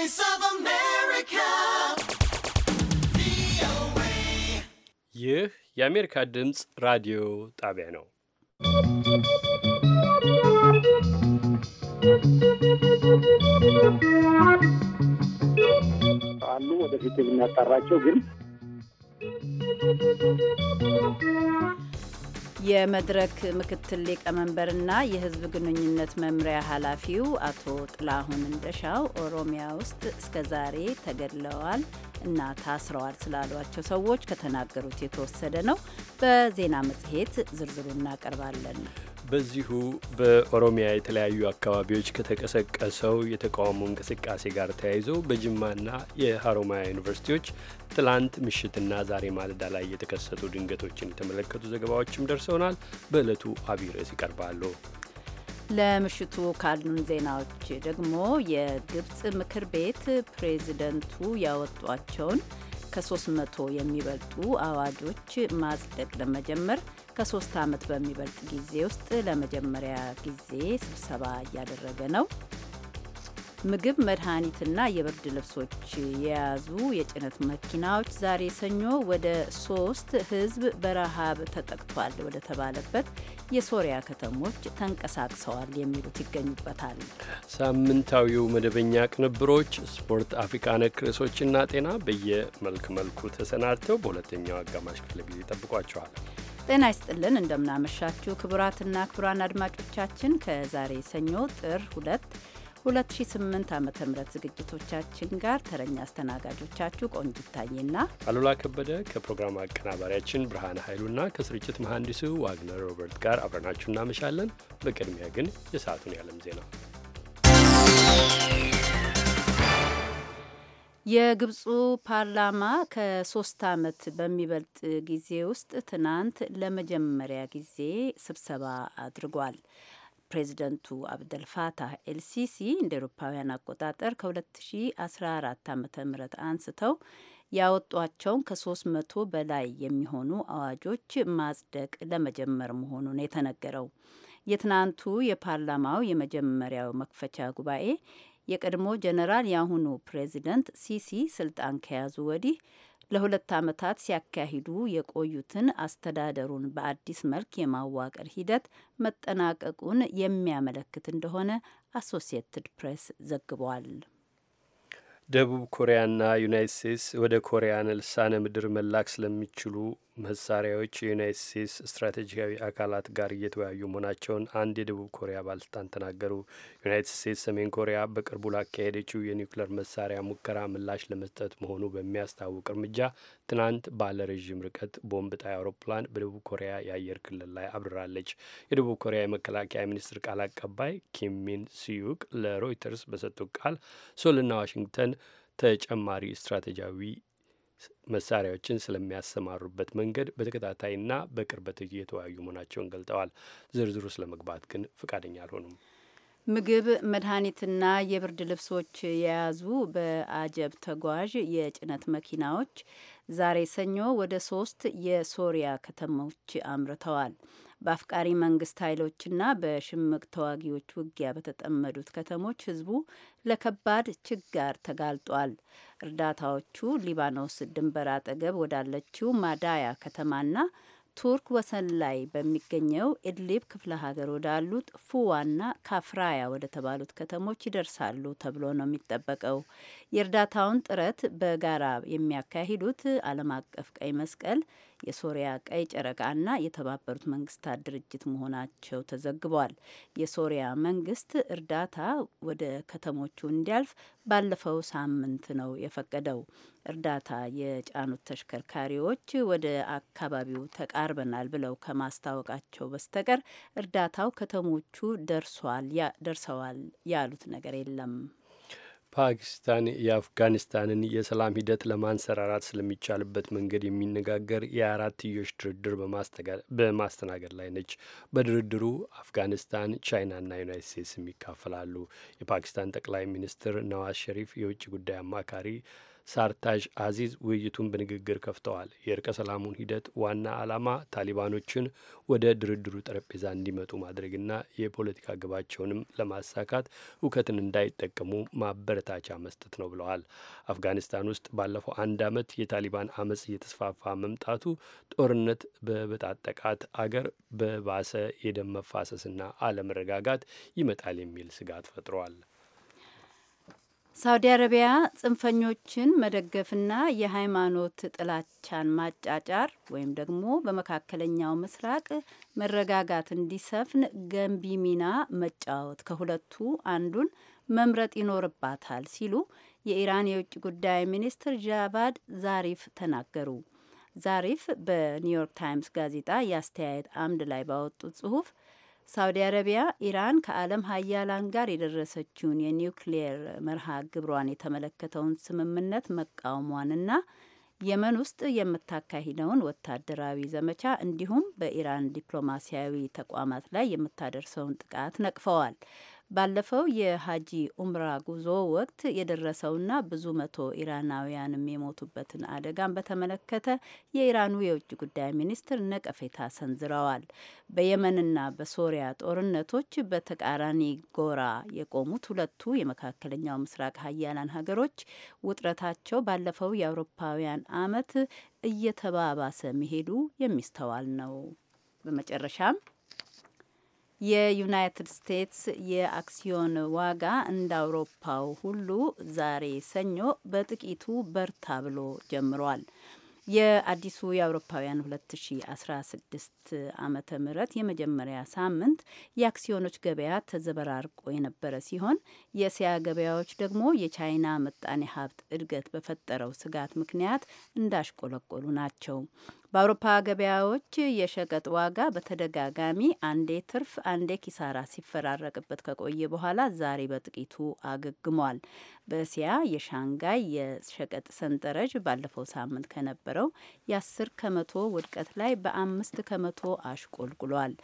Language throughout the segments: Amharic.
Voice of America. ይህ የአሜሪካ ድምፅ ራዲዮ ጣቢያ ነው። አሉ ወደፊት የሚያጣራቸው ግን የመድረክ ምክትል ሊቀመንበርና የህዝብ ግንኙነት መምሪያ ኃላፊው አቶ ጥላሁን እንደሻው ኦሮሚያ ውስጥ እስከ ዛሬ ተገድለዋል እና ታስረዋል ስላሏቸው ሰዎች ከተናገሩት የተወሰደ ነው። በዜና መጽሔት ዝርዝሩ እናቀርባለን። በዚሁ በኦሮሚያ የተለያዩ አካባቢዎች ከተቀሰቀሰው የተቃውሞ እንቅስቃሴ ጋር ተያይዞ በጅማና የሀሮማያ ዩኒቨርሲቲዎች ትላንት ምሽትና ዛሬ ማለዳ ላይ የተከሰቱ ድንገቶችን የተመለከቱ ዘገባዎችም ደርሰውናል። በዕለቱ አብይ ርዕስ ይቀርባሉ። ለምሽቱ ካሉን ዜናዎች ደግሞ የግብጽ ምክር ቤት ፕሬዚደንቱ ያወጧቸውን ከ300 የሚበልጡ አዋጆች ማጽደቅ ለመጀመር ከሶስት ዓመት በሚበልጥ ጊዜ ውስጥ ለመጀመሪያ ጊዜ ስብሰባ እያደረገ ነው። ምግብ፣ መድኃኒትና የብርድ ልብሶች የያዙ የጭነት መኪናዎች ዛሬ ሰኞ ወደ ሶስት ህዝብ በረሃብ ተጠቅቷል ወደ ተባለበት የሶሪያ ከተሞች ተንቀሳቅሰዋል የሚሉት ይገኙበታል። ሳምንታዊው መደበኛ ቅንብሮች ስፖርት፣ አፍሪካ ነክ ርዕሶችና ጤና በየመልክ መልኩ ተሰናድተው በሁለተኛው አጋማሽ ክፍለ ጊዜ ይጠብቋቸዋል። ጤና ይስጥልን እንደምናመሻችሁ ክቡራትና ክቡራን አድማጮቻችን ከዛሬ ሰኞ ጥር 2 2008 ዓ ም ዝግጅቶቻችን ጋር ተረኛ አስተናጋጆቻችሁ ቆንጅ ይታይና አሉላ ከበደ ከፕሮግራም አቀናባሪያችን ብርሃን ኃይሉና ከስርጭት መሐንዲሱ ዋግነር ሮበርት ጋር አብረናችሁ እናመሻለን። በቅድሚያ ግን የሰዓቱን ያለም ዜና የግብፁ ፓርላማ ከሶስት ዓመት በሚበልጥ ጊዜ ውስጥ ትናንት ለመጀመሪያ ጊዜ ስብሰባ አድርጓል። ፕሬዚደንቱ አብደልፋታህ ኤልሲሲ እንደ ኤሮፓውያን አቆጣጠር ከ2014 ዓ ም አንስተው ያወጧቸውን ከ300 በላይ የሚሆኑ አዋጆች ማጽደቅ ለመጀመር መሆኑን የተነገረው የትናንቱ የፓርላማው የመጀመሪያው መክፈቻ ጉባኤ የቀድሞ ጀነራል የአሁኑ ፕሬዚደንት ሲሲ ስልጣን ከያዙ ወዲህ ለሁለት ዓመታት ሲያካሂዱ የቆዩትን አስተዳደሩን በአዲስ መልክ የማዋቀር ሂደት መጠናቀቁን የሚያመለክት እንደሆነ አሶሲየትድ ፕሬስ ዘግቧል። ደቡብ ኮሪያና ዩናይት ስቴትስ ወደ ኮሪያን ልሳነ ምድር መላክ ስለሚችሉ መሳሪያዎች የዩናይት ስቴትስ ስትራቴጂካዊ አካላት ጋር እየተወያዩ መሆናቸውን አንድ የደቡብ ኮሪያ ባለስልጣን ተናገሩ። ዩናይትድ ስቴትስ ሰሜን ኮሪያ በቅርቡ ላካሄደችው የኒውክሌር መሳሪያ ሙከራ ምላሽ ለመስጠት መሆኑ በሚያስታውቅ እርምጃ ትናንት ባለ ረዥም ርቀት ቦምብ ጣይ አውሮፕላን በደቡብ ኮሪያ የአየር ክልል ላይ አብርራለች። የደቡብ ኮሪያ የመከላከያ ሚኒስትር ቃል አቀባይ ኪም ሚን ሲዩቅ ለሮይተርስ በሰጡት ቃል ሶልና ዋሽንግተን ተጨማሪ ስትራቴጂያዊ መሳሪያዎችን ስለሚያሰማሩበት መንገድ በተከታታይና በቅርበት እየተወያዩ መሆናቸውን ገልጠዋል። ዝርዝሩ ስለመግባት ግን ፈቃደኛ አልሆኑም። ምግብ፣ መድኃኒትና የብርድ ልብሶች የያዙ በአጀብ ተጓዥ የጭነት መኪናዎች ዛሬ ሰኞ ወደ ሶስት የሶሪያ ከተሞች አምርተዋል። በአፍቃሪ መንግስት ኃይሎችና በሽምቅ ተዋጊዎች ውጊያ በተጠመዱት ከተሞች ህዝቡ ለከባድ ችጋር ተጋልጧል። እርዳታዎቹ ሊባኖስ ድንበር አጠገብ ወዳለችው ማዳያ ከተማና ቱርክ ወሰን ላይ በሚገኘው ኢድሊብ ክፍለ ሀገር ወዳሉት ፉዋና ካፍራያ ወደ ተባሉት ከተሞች ይደርሳሉ ተብሎ ነው የሚጠበቀው። የእርዳታውን ጥረት በጋራ የሚያካሂዱት ዓለም አቀፍ ቀይ መስቀል የሶሪያ ቀይ ጨረቃና የተባበሩት መንግስታት ድርጅት መሆናቸው ተዘግቧል። የሶሪያ መንግስት እርዳታ ወደ ከተሞቹ እንዲያልፍ ባለፈው ሳምንት ነው የፈቀደው። እርዳታ የጫኑት ተሽከርካሪዎች ወደ አካባቢው ተቃርበናል ብለው ከማስታወቃቸው በስተቀር እርዳታው ከተሞቹ ደርሷል ደርሰዋል ያሉት ነገር የለም። ፓኪስታን የአፍጋኒስታንን የሰላም ሂደት ለማንሰራራት ስለሚቻልበት መንገድ የሚነጋገር የአራትዮሽ ድርድር በማስተናገድ ላይ ነች። በድርድሩ አፍጋኒስታን፣ ቻይናና ዩናይት ስቴትስም ይካፈላሉ። የፓኪስታን ጠቅላይ ሚኒስትር ነዋዝ ሸሪፍ የውጭ ጉዳይ አማካሪ ሳርታዥ አዚዝ ውይይቱን በንግግር ከፍተዋል። የእርቀ ሰላሙን ሂደት ዋና ዓላማ ታሊባኖችን ወደ ድርድሩ ጠረጴዛ እንዲመጡ ማድረግና የፖለቲካ ግባቸውንም ለማሳካት እውከትን እንዳይጠቀሙ ማበረታቻ መስጠት ነው ብለዋል። አፍጋኒስታን ውስጥ ባለፈው አንድ ዓመት የታሊባን አመፅ እየተስፋፋ መምጣቱ ጦርነት በበጣጠቃት አገር በባሰ የደም መፋሰስና አለመረጋጋት ይመጣል የሚል ስጋት ፈጥሯል። ሳውዲ አረቢያ ጽንፈኞችን መደገፍና የሃይማኖት ጥላቻን ማጫጫር ወይም ደግሞ በመካከለኛው ምስራቅ መረጋጋት እንዲሰፍን ገንቢ ሚና መጫወት ከሁለቱ አንዱን መምረጥ ይኖርባታል ሲሉ የኢራን የውጭ ጉዳይ ሚኒስትር ጃቫድ ዛሪፍ ተናገሩ። ዛሪፍ በኒውዮርክ ታይምስ ጋዜጣ የአስተያየት አምድ ላይ ባወጡት ጽሁፍ ሳውዲ አረቢያ ኢራን ከዓለም ሀያላን ጋር የደረሰችውን የኒውክሊየር መርሃ ግብሯን የተመለከተውን ስምምነት መቃወሟንና የመን ውስጥ የምታካሂደውን ወታደራዊ ዘመቻ እንዲሁም በኢራን ዲፕሎማሲያዊ ተቋማት ላይ የምታደርሰውን ጥቃት ነቅፈዋል። ባለፈው የሀጂ ኡምራ ጉዞ ወቅት የደረሰውና ብዙ መቶ ኢራናውያንም የሞቱበትን አደጋን በተመለከተ የኢራኑ የውጭ ጉዳይ ሚኒስትር ነቀፌታ ሰንዝረዋል። በየመንና በሶሪያ ጦርነቶች በተቃራኒ ጎራ የቆሙት ሁለቱ የመካከለኛው ምስራቅ ሀያላን ሀገሮች ውጥረታቸው ባለፈው የአውሮፓውያን ዓመት እየተባባሰ መሄዱ የሚስተዋል ነው። በመጨረሻም የዩናይትድ ስቴትስ የአክሲዮን ዋጋ እንደ አውሮፓው ሁሉ ዛሬ ሰኞ በጥቂቱ በርታ ብሎ ጀምሯል። የአዲሱ የአውሮፓውያን 2016 ዓመተ ምህረት የመጀመሪያ ሳምንት የአክሲዮኖች ገበያ ተዘበራርቆ የነበረ ሲሆን የእስያ ገበያዎች ደግሞ የቻይና ምጣኔ ሀብት እድገት በፈጠረው ስጋት ምክንያት እንዳሽቆለቆሉ ናቸው። በአውሮፓ ገበያዎች የሸቀጥ ዋጋ በተደጋጋሚ አንዴ ትርፍ አንዴ ኪሳራ ሲፈራረቅበት ከቆየ በኋላ ዛሬ በጥቂቱ አገግሟል። በእስያ የሻንጋይ የሸቀጥ ሰንጠረዥ ባለፈው ሳምንት ከነበረው የአስር ከመቶ ውድቀት ላይ በአምስት ከመቶ አሽቆልቁሏል።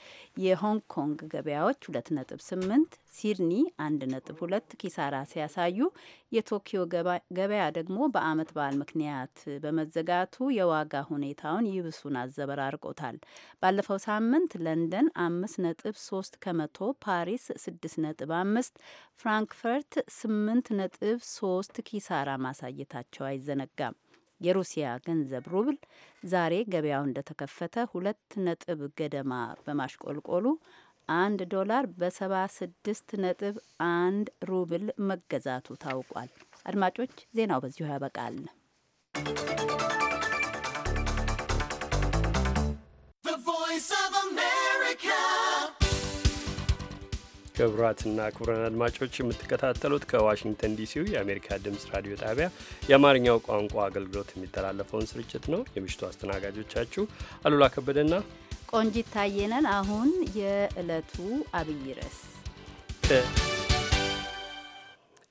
የሆንግ ኮንግ ገበያዎች ሁለት ነጥብ ስምንት ሲድኒ አንድ ነጥብ ሁለት ኪሳራ ሲያሳዩ የቶኪዮ ገበያ ደግሞ በዓመት በዓል ምክንያት በመዘጋቱ የዋጋ ሁኔታውን ይብሱን አዘበራርቆታል። ባለፈው ሳምንት ለንደን አምስት ነጥብ ሶስት ከመቶ፣ ፓሪስ ስድስት ነጥብ አምስት፣ ፍራንክፈርት ስምንት ነጥብ ሶስት ኪሳራ ማሳየታቸው አይዘነጋም። የሩሲያ ገንዘብ ሩብል ዛሬ ገበያው እንደተከፈተ ሁለት ነጥብ ገደማ በማሽቆልቆሉ አንድ ዶላር በ76 ነጥብ አንድ ሩብል መገዛቱ ታውቋል። አድማጮች ዜናው በዚሁ ያበቃል። ክቡራትና ክቡራን አድማጮች የምትከታተሉት ከዋሽንግተን ዲሲው የአሜሪካ ድምፅ ራዲዮ ጣቢያ የአማርኛው ቋንቋ አገልግሎት የሚተላለፈውን ስርጭት ነው። የምሽቱ አስተናጋጆቻችሁ አሉላ ከበደና ቆንጂት ታየነን። አሁን የዕለቱ አብይ ርዕስ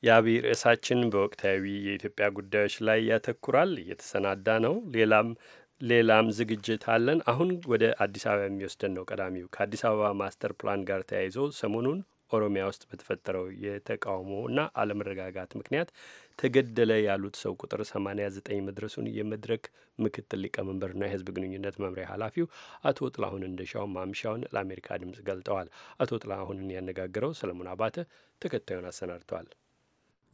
የአብይ ርዕሳችን በወቅታዊ የኢትዮጵያ ጉዳዮች ላይ ያተኩራል። እየተሰናዳ ነው። ሌላም ሌላም ዝግጅት አለን። አሁን ወደ አዲስ አበባ የሚወስደን ነው። ቀዳሚው ከአዲስ አበባ ማስተር ፕላን ጋር ተያይዞ ሰሞኑን ኦሮሚያ ውስጥ በተፈጠረው የተቃውሞ እና አለመረጋጋት ምክንያት ተገደለ ያሉት ሰው ቁጥር 89 መድረሱን የመድረክ ምክትል ሊቀመንበርና የህዝብ ግንኙነት መምሪያ ኃላፊው አቶ ጥላሁን እንደሻው ማምሻውን ለአሜሪካ ድምፅ ገልጠዋል። አቶ ጥላሁንን ያነጋገረው ሰለሞን አባተ ተከታዩን አሰናድተዋል።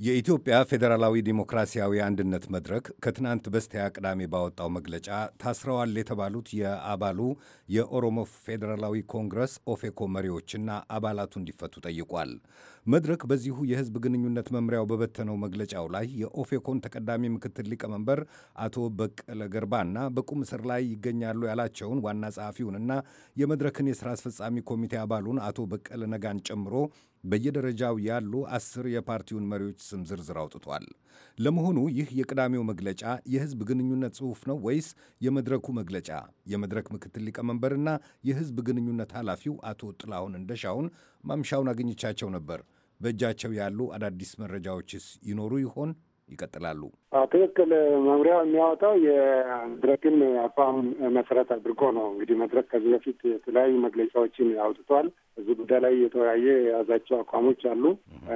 የኢትዮጵያ ፌዴራላዊ ዲሞክራሲያዊ አንድነት መድረክ ከትናንት በስቲያ ቅዳሜ ባወጣው መግለጫ ታስረዋል የተባሉት የአባሉ የኦሮሞ ፌዴራላዊ ኮንግረስ ኦፌኮ መሪዎችና አባላቱ እንዲፈቱ ጠይቋል። መድረክ በዚሁ የህዝብ ግንኙነት መምሪያው በበተነው መግለጫው ላይ የኦፌኮን ተቀዳሚ ምክትል ሊቀመንበር አቶ በቀለ ገርባና በቁም እስር ላይ ይገኛሉ ያላቸውን ዋና ጸሐፊውንና የመድረክን የስራ አስፈጻሚ ኮሚቴ አባሉን አቶ በቀለ ነጋን ጨምሮ በየደረጃው ያሉ አስር የፓርቲውን መሪዎች ስም ዝርዝር አውጥቷል። ለመሆኑ ይህ የቅዳሜው መግለጫ የህዝብ ግንኙነት ጽሑፍ ነው ወይስ የመድረኩ መግለጫ? የመድረክ ምክትል ሊቀመንበርና የህዝብ ግንኙነት ኃላፊው አቶ ጥላሁን እንደሻውን ማምሻውን አግኝቻቸው ነበር። በእጃቸው ያሉ አዳዲስ መረጃዎችስ ይኖሩ ይሆን? ይቀጥላሉ። ትክክል መምሪያው የሚያወጣው የመድረክን አቋም መሰረት አድርጎ ነው። እንግዲህ መድረክ ከዚህ በፊት የተለያዩ መግለጫዎችን አውጥቷል። እዚህ ጉዳይ ላይ የተወያየ የያዛቸው አቋሞች አሉ።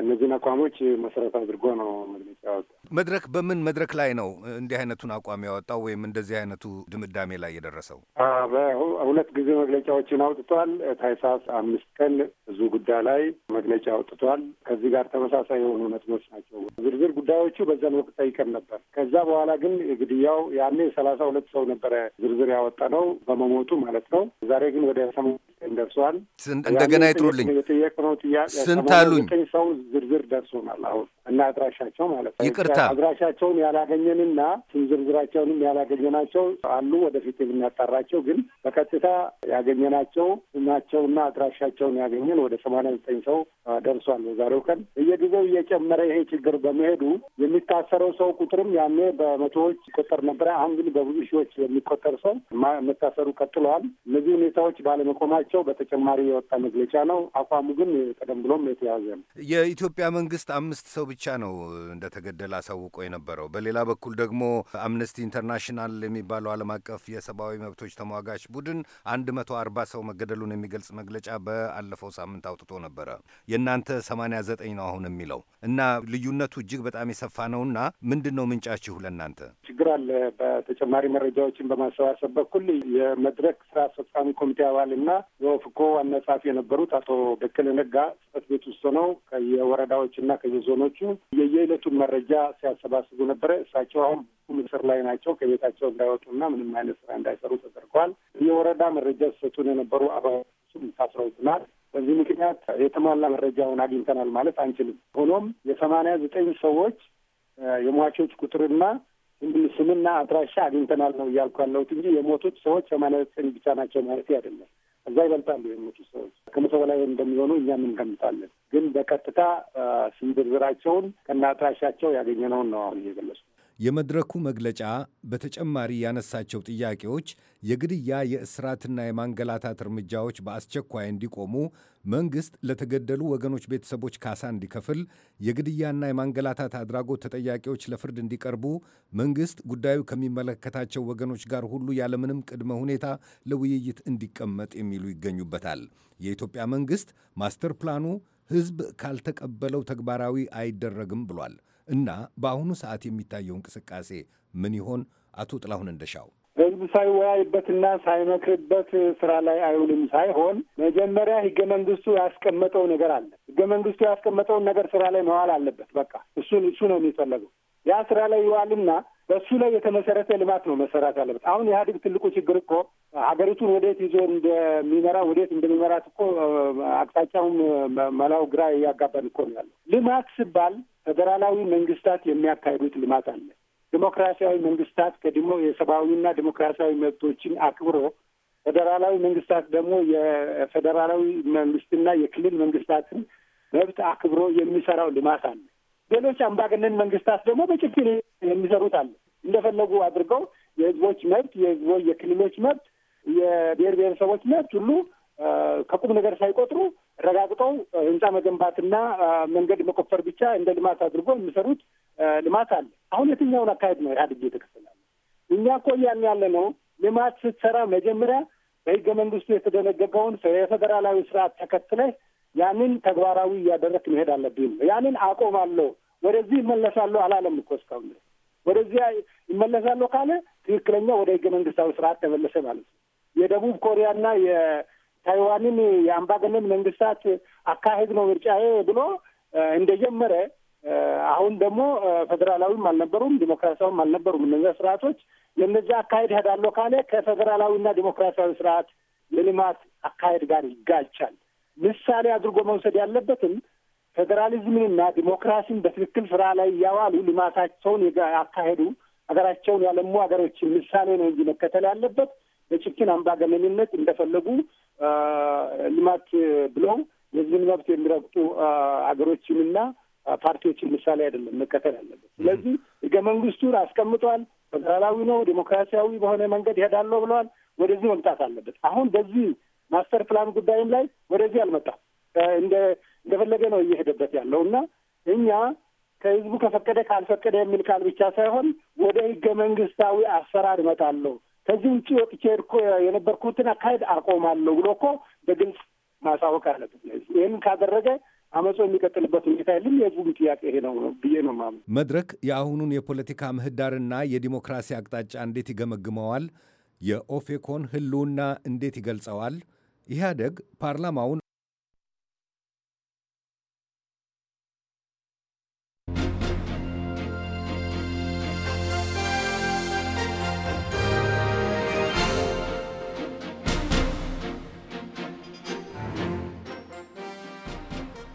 እነዚህን አቋሞች መሰረት አድርጎ ነው መግለጫ ያወጣ። መድረክ በምን መድረክ ላይ ነው እንዲህ አይነቱን አቋም ያወጣው ወይም እንደዚህ አይነቱ ድምዳሜ ላይ የደረሰው? በሁለት ጊዜ መግለጫዎችን አውጥቷል። ታህሳስ አምስት ቀን በዚህ ጉዳይ ላይ መግለጫ አውጥቷል። ከዚህ ጋር ተመሳሳይ የሆኑ ነጥቦች ናቸው። ዝርዝር ጉዳዮቹ በዛን ወቅት ጠይቀን ነበር ነበር። ከዛ በኋላ ግን ግድያው ያኔ ሰላሳ ሁለት ሰው ነበረ ዝርዝር ያወጣ ነው በመሞቱ ማለት ነው። ዛሬ ግን ወደ ሰማንያ ዘጠኝ ደርሷል። እንደገና ይጥሩልኝ የጠየቅነው ጥያቄ ስንት አሉኝ ሰው ዝርዝር ደርሶናል አሁን እና አድራሻቸው ማለት ነው። ይቅርታ አድራሻቸውን ያላገኘንና ስም ዝርዝራቸውንም ያላገኘናቸው አሉ። ወደፊት የምናጣራቸው ግን በቀጥታ ያገኘናቸው ስማቸውና አድራሻቸውን ያገኘን ወደ ሰማንያ ዘጠኝ ሰው ደርሷል። በዛሬው ቀን በየጊዜው እየጨመረ ይሄ ችግር በመሄዱ የሚታሰረው ሰው ቁጥር ቁጥርም ያኔ በመቶዎች ቁጥር ነበረ። አሁን ግን በብዙ ሺዎች የሚቆጠር ሰው መታሰሩ ቀጥለዋል። እነዚህ ሁኔታዎች ባለመቆማቸው በተጨማሪ የወጣ መግለጫ ነው። አቋሙ ግን ቀደም ብሎም የተያዘ ነው። የኢትዮጵያ መንግስት አምስት ሰው ብቻ ነው እንደተገደለ አሳውቆ የነበረው። በሌላ በኩል ደግሞ አምነስቲ ኢንተርናሽናል የሚባለው ዓለም አቀፍ የሰብአዊ መብቶች ተሟጋች ቡድን አንድ መቶ አርባ ሰው መገደሉን የሚገልጽ መግለጫ በአለፈው ሳምንት አውጥቶ ነበረ። የእናንተ ሰማንያ ዘጠኝ ነው አሁን የሚለው እና ልዩነቱ እጅግ በጣም የሰፋ ነውና ምንድን ነው ነው ምንጫችሁ ለእናንተ ችግር አለ? በተጨማሪ መረጃዎችን በማሰባሰብ በኩል የመድረክ ስራ አስፈጻሚ ኮሚቴ አባልና የኦፍኮ ዋና ጸሐፊ የነበሩት አቶ በቀለ ነጋ ጽፈት ቤት ውስጥ ሆነው ከየወረዳዎችና ከየዞኖቹ የየዕለቱን መረጃ ሲያሰባስቡ ነበረ። እሳቸው አሁን ሁሉ እስር ላይ ናቸው። ከቤታቸው እንዳይወጡና ምንም አይነት ስራ እንዳይሰሩ ተደርገዋል። የወረዳ መረጃ ሲሰጡን የነበሩ አባሎችም ታስረውብናል። በዚህ ምክንያት የተሟላ መረጃውን አግኝተናል ማለት አንችልም። ሆኖም የሰማንያ ዘጠኝ ሰዎች የሟቾች ቁጥርና ስምና አድራሻ አግኝተናል ነው እያልኩ ያለሁት እንጂ የሞቱት ሰዎች ሰማንያ ዘጠኝ ብቻ ናቸው ማለት አይደለም። እዛ ይበልጣሉ የሞቱ ሰዎች ከመቶ በላይ እንደሚሆኑ እኛም እንገምታለን። ግን በቀጥታ ስም ዝርዝራቸውን ከነ አድራሻቸው ያገኘነውን ነው አሁን እየገለጹ የመድረኩ መግለጫ በተጨማሪ ያነሳቸው ጥያቄዎች የግድያ የእስራትና የማንገላታት እርምጃዎች በአስቸኳይ እንዲቆሙ፣ መንግሥት ለተገደሉ ወገኖች ቤተሰቦች ካሳ እንዲከፍል፣ የግድያና የማንገላታት አድራጎት ተጠያቂዎች ለፍርድ እንዲቀርቡ፣ መንግሥት ጉዳዩ ከሚመለከታቸው ወገኖች ጋር ሁሉ ያለምንም ቅድመ ሁኔታ ለውይይት እንዲቀመጥ የሚሉ ይገኙበታል። የኢትዮጵያ መንግሥት ማስተር ፕላኑ ሕዝብ ካልተቀበለው ተግባራዊ አይደረግም ብሏል። እና በአሁኑ ሰዓት የሚታየው እንቅስቃሴ ምን ይሆን? አቶ ጥላሁን እንደሻው ህዝብ ሳይወያይበትና ሳይመክርበት ስራ ላይ አይውልም ሳይሆን መጀመሪያ ህገ መንግስቱ ያስቀመጠው ነገር አለ። ህገ መንግስቱ ያስቀመጠውን ነገር ስራ ላይ መዋል አለበት። በቃ እሱ እሱ ነው የሚፈለገው። ያ ስራ ላይ ይዋልና በሱ ላይ የተመሰረተ ልማት ነው መሰራት ያለበት። አሁን ኢህአዴግ ትልቁ ችግር እኮ ሀገሪቱን ወዴት ይዞ እንደሚመራ ወዴት እንደሚመራት እኮ አቅጣጫውን መላው ግራ እያጋባን እኮ ነው ያለ። ልማት ሲባል ፌዴራላዊ መንግስታት የሚያካሂዱት ልማት አለ። ዲሞክራሲያዊ መንግስታት ከዲሞ የሰብአዊና ዲሞክራሲያዊ መብቶችን አክብሮ ፌዴራላዊ መንግስታት ደግሞ የፌዴራላዊ መንግስትና የክልል መንግስታትን መብት አክብሮ የሚሰራው ልማት አለ። ሌሎች አምባገነን መንግስታት ደግሞ በጭፍን የሚሰሩት አለ። እንደፈለጉ አድርገው የህዝቦች መብት የህዝቦች የክልሎች መብት የብሔር ብሔረሰቦች መብት ሁሉ ከቁም ነገር ሳይቆጥሩ ረጋግጠው ህንፃ መገንባትና መንገድ መቆፈር ብቻ እንደ ልማት አድርጎ የሚሰሩት ልማት አለ። አሁን የትኛውን አካሄድ ነው ኢህአዴግ እየተከተለ እኛ እኮ እያን ያለ ነው ልማት ስትሰራ መጀመሪያ በህገ መንግስቱ የተደነገገውን የፌዴራላዊ ስርዓት ተከትለህ ያንን ተግባራዊ እያደረክ መሄድ አለብኝ ነው። ያንን አቆማለሁ፣ ወደዚህ ይመለሳለሁ አላለም እኮ እስካሁን። ወደዚያ ይመለሳለሁ ካለ ትክክለኛ ወደ ህገ መንግስታዊ ስርዓት ተመለሰ ማለት ነው። የደቡብ ኮሪያና የታይዋንን የአምባገነን መንግስታት አካሄድ ነው ምርጫዬ ብሎ እንደጀመረ አሁን ደግሞ ፌዴራላዊም አልነበሩም ዲሞክራሲያዊም አልነበሩም እነዚያ ስርዓቶች። የነዚያ አካሄድ እሄዳለሁ ካለ ከፌዴራላዊና ዲሞክራሲያዊ ስርዓት የልማት አካሄድ ጋር ይጋጫል። ምሳሌ አድርጎ መውሰድ ያለበትም ፌዴራሊዝምንና ዲሞክራሲን በትክክል ስራ ላይ እያዋሉ ልማታቸውን ያካሄዱ ሀገራቸውን ያለሙ ሀገሮችን ምሳሌ ነው እንጂ መከተል ያለበት አምባ አምባገነንነት እንደፈለጉ ልማት ብለው የህዝብን መብት የሚረግጡ ሀገሮችንና ፓርቲዎችን ምሳሌ አይደለም መከተል ያለበት። ስለዚህ ህገ መንግስቱን አስቀምጧል። ፌዴራላዊ ነው ዴሞክራሲያዊ በሆነ መንገድ ይሄዳለሁ ብለዋል። ወደዚህ መምጣት አለበት። አሁን በዚህ ማስተር ፕላን ጉዳይም ላይ ወደዚህ አልመጣም። እንደፈለገ ነው እየሄደበት ያለው እና እኛ ከህዝቡ ከፈቀደ ካልፈቀደ የሚል ቃል ብቻ ሳይሆን ወደ ህገ መንግስታዊ አሰራር እመጣለሁ ከዚህ ውጭ ወጥቼ የነበርኩትን አካሄድ አቆማለሁ ብሎ እኮ በግልጽ ማሳወቅ አለበት። ይህን ካደረገ አመፆ የሚቀጥልበት ሁኔታ የለም። የህዝቡም ጥያቄ ይሄ ነው ብዬ ነው ማምነው። መድረክ የአሁኑን የፖለቲካ ምህዳርና የዲሞክራሲ አቅጣጫ እንዴት ይገመግመዋል? የኦፌኮን ህልውና እንዴት ይገልጸዋል? ኢህአደግ ፓርላማውን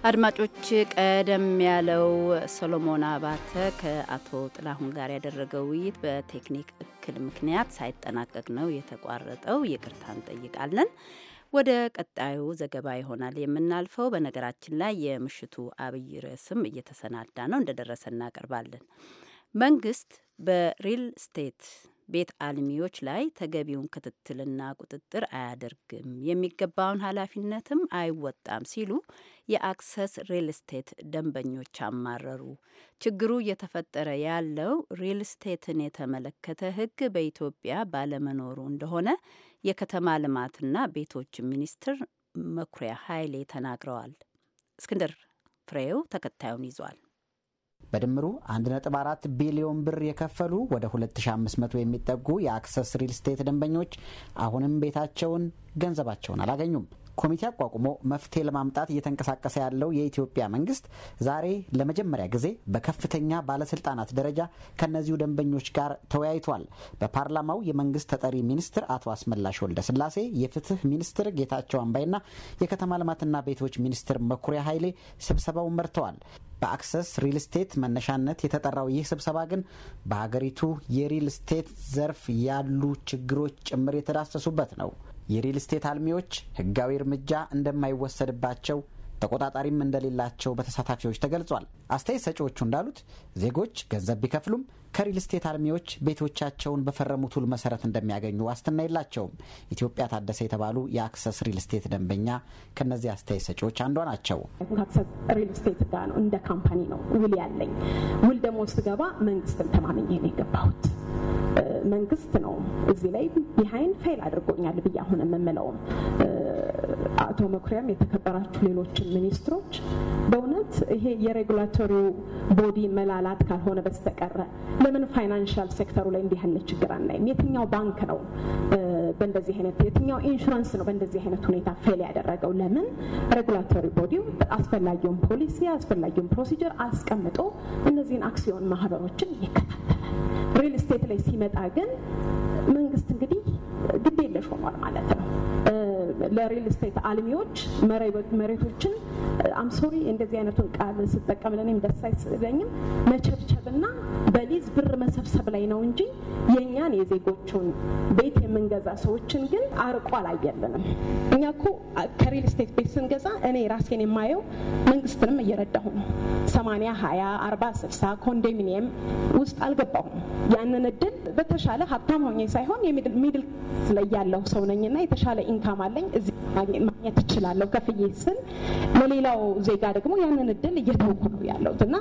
አድማጮች ቀደም ያለው ሰሎሞን አባተ ከአቶ ጥላሁን ጋር ያደረገው ውይይት በቴክኒክ እክል ምክንያት ሳይጠናቀቅ ነው የተቋረጠው። ይቅርታ እንጠይቃለን። ወደ ቀጣዩ ዘገባ ይሆናል የምናልፈው። በነገራችን ላይ የምሽቱ አብይ ርዕስም እየተሰናዳ ነው፣ እንደደረሰ እናቀርባለን። መንግስት በሪል ስቴት ቤት አልሚዎች ላይ ተገቢውን ክትትልና ቁጥጥር አያደርግም፣ የሚገባውን ኃላፊነትም አይወጣም ሲሉ የአክሰስ ሪል ስቴት ደንበኞች አማረሩ። ችግሩ እየተፈጠረ ያለው ሪል ስቴትን የተመለከተ ሕግ በኢትዮጵያ ባለመኖሩ እንደሆነ የከተማ ልማትና ቤቶች ሚኒስትር መኩሪያ ኃይሌ ተናግረዋል። እስክንድር ፍሬው ተከታዩን ይዟል። በድምሩ 1.4 ቢሊዮን ብር የከፈሉ ወደ 2500 የሚጠጉ የአክሰስ ሪል ስቴት ደንበኞች አሁንም ቤታቸውን፣ ገንዘባቸውን አላገኙም። ኮሚቴ አቋቁሞ መፍትሄ ለማምጣት እየተንቀሳቀሰ ያለው የኢትዮጵያ መንግስት ዛሬ ለመጀመሪያ ጊዜ በከፍተኛ ባለስልጣናት ደረጃ ከእነዚሁ ደንበኞች ጋር ተወያይቷል። በፓርላማው የመንግስት ተጠሪ ሚኒስትር አቶ አስመላሽ ወልደ ስላሴ፣ የፍትህ ሚኒስትር ጌታቸው አምባይና የከተማ ልማትና ቤቶች ሚኒስትር መኩሪያ ኃይሌ ስብሰባው መርተዋል። በአክሰስ ሪል ስቴት መነሻነት የተጠራው ይህ ስብሰባ ግን በሀገሪቱ የሪል ስቴት ዘርፍ ያሉ ችግሮች ጭምር የተዳሰሱበት ነው። የሪል ስቴት አልሚዎች ህጋዊ እርምጃ እንደማይወሰድባቸው ተቆጣጣሪም እንደሌላቸው በተሳታፊዎች ተገልጿል። አስተያየት ሰጪዎቹ እንዳሉት ዜጎች ገንዘብ ቢከፍሉም ከሪል ስቴት አልሚዎች ቤቶቻቸውን በፈረሙት ውል መሰረት እንደሚያገኙ ዋስትና የላቸውም። ኢትዮጵያ ታደሰ የተባሉ የአክሰስ ሪል ስቴት ደንበኛ ከነዚህ አስተያየት ሰጪዎች አንዷ ናቸው። ሪል ስቴት ጋር ነው እንደ ካምፓኒ ነው ውል ያለኝ። ውል ደግሞ ስገባ መንግስትን ተማምኜ ነው የገባሁት። መንግስት ነው እዚህ ላይ ቢሃይንድ ፌል አድርጎኛል ብዬ አሁን የምምለውም አቶ መኩሪያም የተከበራችሁ ሌሎችን ሚኒስትሮች በእውነት ይሄ የሬጉላቶሪው ቦዲ መላላት ካልሆነ በስተቀረ ለምን ፋይናንሻል ሴክተሩ ላይ እንዲህ ያለ ችግር አናይም? የትኛው ባንክ ነው በእንደዚህ አይነት የትኛው ኢንሹራንስ ነው በእንደዚህ አይነት ሁኔታ ፌል ያደረገው? ለምን ሬጉላቶሪ ቦዲው አስፈላጊውን ፖሊሲ አስፈላጊውን ፕሮሲጀር አስቀምጦ እነዚህን አክሲዮን ማህበሮችን ይከታተላል። ሪል ስቴት ላይ ሲመጣ ግን መንግስት እንግዲህ ግዴለሽ ሆኗል ማለት ነው። ለሪል ስቴት አልሚዎች መሬቶችን አምሶሪ እንደዚህ አይነቱን ቃል ስጠቀም ለእኔም ደስ አይስለኝም። መቸብቸብና በሊዝ ብር መሰብሰብ ላይ ነው እንጂ የእኛን የዜጎቹን ቤት የምንገዛ ሰዎችን ግን አርቆ አላየልንም። እኛ ኮ ከሪል ስቴት ቤት ስንገዛ እኔ ራሴን የማየው መንግስትንም እየረዳሁ ነው። ሰማኒያ ሀያ አርባ ስልሳ ኮንዶሚኒየም ውስጥ አልገባሁም። ያንን እድል በተሻለ ሀብታም ሆኜ ሳይሆን የሚድል ላይ ያለሁ ሰው ነኝና የተሻለ ኢንካም አለኝ እዚህ ማግኘት እችላለሁ ከፍዬ ስል ለሌላው ዜጋ ደግሞ ያንን እድል እየተውኩ ነው ያለሁት እና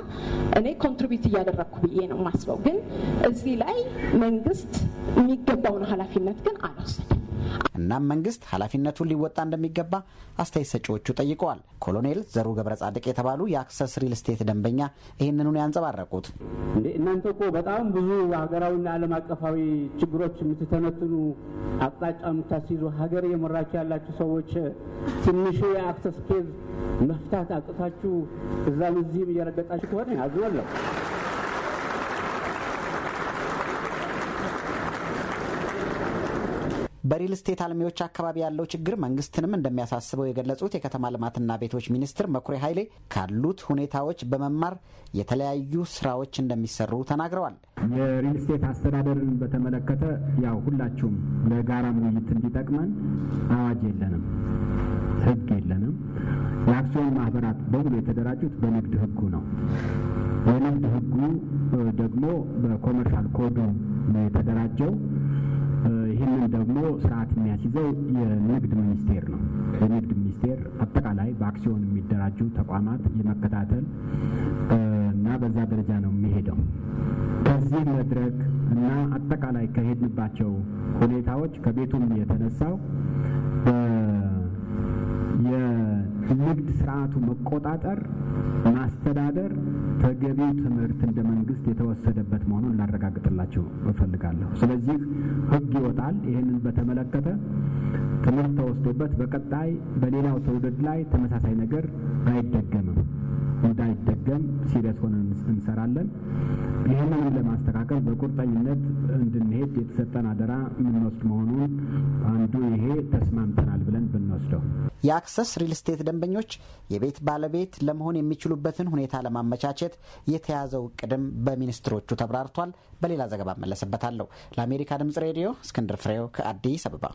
እኔ ኮንትሪቢዩት እያደረግኩ ብዬ ነው ማስበው። ግን እዚህ ላይ መንግስት የሚገባውን ኃላፊነት ግን አልወሰድም። እናም መንግስት ኃላፊነቱን ሊወጣ እንደሚገባ አስተያየት ሰጪዎቹ ጠይቀዋል። ኮሎኔል ዘሩ ገብረ ጻድቅ የተባሉ የአክሰስ ሪል ስቴት ደንበኛ ይህንኑን ያንጸባረቁት እንዴ እናንተ እኮ በጣም ብዙ ሀገራዊና ዓለም አቀፋዊ ችግሮች የምትተነትኑ አቅጣጫ የምታስይዙ ሀገር የመራችሁ ያላችሁ ሰዎች ትንሽ የአክሰስ ኬዝ መፍታት አቅታችሁ እዛም እዚህም እየረገጣችሁ ከሆነ አዝናለሁ። በሪል ስቴት አልሚዎች አካባቢ ያለው ችግር መንግስትንም እንደሚያሳስበው የገለጹት የከተማ ልማትና ቤቶች ሚኒስትር መኩሪያ ኃይሌ ካሉት ሁኔታዎች በመማር የተለያዩ ስራዎች እንደሚሰሩ ተናግረዋል። የሪል ስቴት አስተዳደርን በተመለከተ ያው ሁላችሁም ለጋራ ውይይት እንዲጠቅመን አዋጅ የለንም፣ ህግ የለንም። የአክሲዮን ማህበራት በሙሉ የተደራጁት በንግድ ህጉ ነው። የንግድ ህጉ ደግሞ በኮመርሻል ኮዱ ነው የተደራጀው። ይህንን ደግሞ ስርዓት የሚያስይዘው የንግድ ሚኒስቴር ነው። የንግድ ሚኒስቴር አጠቃላይ በአክሲዮን የሚደራጁ ተቋማት የመከታተል እና በዛ ደረጃ ነው የሚሄደው። ከዚህ መድረክ እና አጠቃላይ ከሄድንባቸው ሁኔታዎች ከቤቱም የተነሳው የንግድ ስርዓቱ መቆጣጠር፣ ማስተዳደር ተገቢው ትምህርት እንደመ የተወሰደበት መሆኑን ላረጋግጥላቸው እፈልጋለሁ። ስለዚህ ህግ ይወጣል። ይህንን በተመለከተ ትምህርት ተወስዶበት በቀጣይ በሌላው ትውልድ ላይ ተመሳሳይ ነገር አይደገምም። እንዳይደገም ሲሪየስ ሆነን እንሰራለን። ይህንንም ለማስተካከል በቁርጠኝነት እንድንሄድ የተሰጠን አደራ የምንወስድ መሆኑን አንዱ ይሄ ተስማምተናል ብለን ብንወስደው የአክሰስ ሪል ስቴት ደንበኞች የቤት ባለቤት ለመሆን የሚችሉበትን ሁኔታ ለማመቻቸት የተያዘው ቅድም በሚኒስትሮቹ ተብራርቷል። በሌላ ዘገባ እመለስበታለሁ። ለአሜሪካ ድምጽ ሬዲዮ እስክንድር ፍሬው ከአዲስ አበባ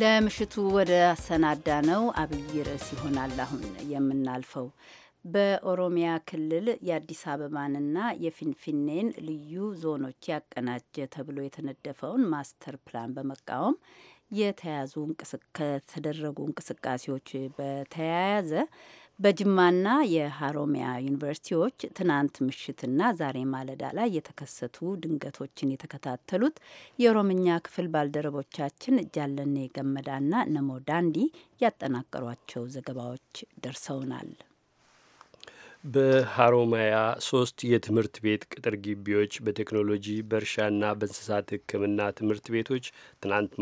ለምሽቱ ወደ ሰናዳ ነው አብይ ርዕስ ይሆናል አሁን የምናልፈው። በኦሮሚያ ክልል የአዲስ አበባንና የፊንፊኔን ልዩ ዞኖች ያቀናጀ ተብሎ የተነደፈውን ማስተር ፕላን በመቃወም የተያዙ ከተደረጉ እንቅስቃሴዎች በተያያዘ በጅማና የሀሮሚያ ዩኒቨርሲቲዎች ትናንት ምሽትና ዛሬ ማለዳ ላይ የተከሰቱ ድንገቶችን የተከታተሉት የኦሮምኛ ክፍል ባልደረቦቻችን ጃለኔ ገመዳና ነሞ ዳንዲ ያጠናቀሯቸው ዘገባዎች ደርሰውናል። በሀሮማያ ሶስት የትምህርት ቤት ቅጥር ግቢዎች በቴክኖሎጂ በእርሻና በእንስሳት ሕክምና ትምህርት ቤቶች ትናንት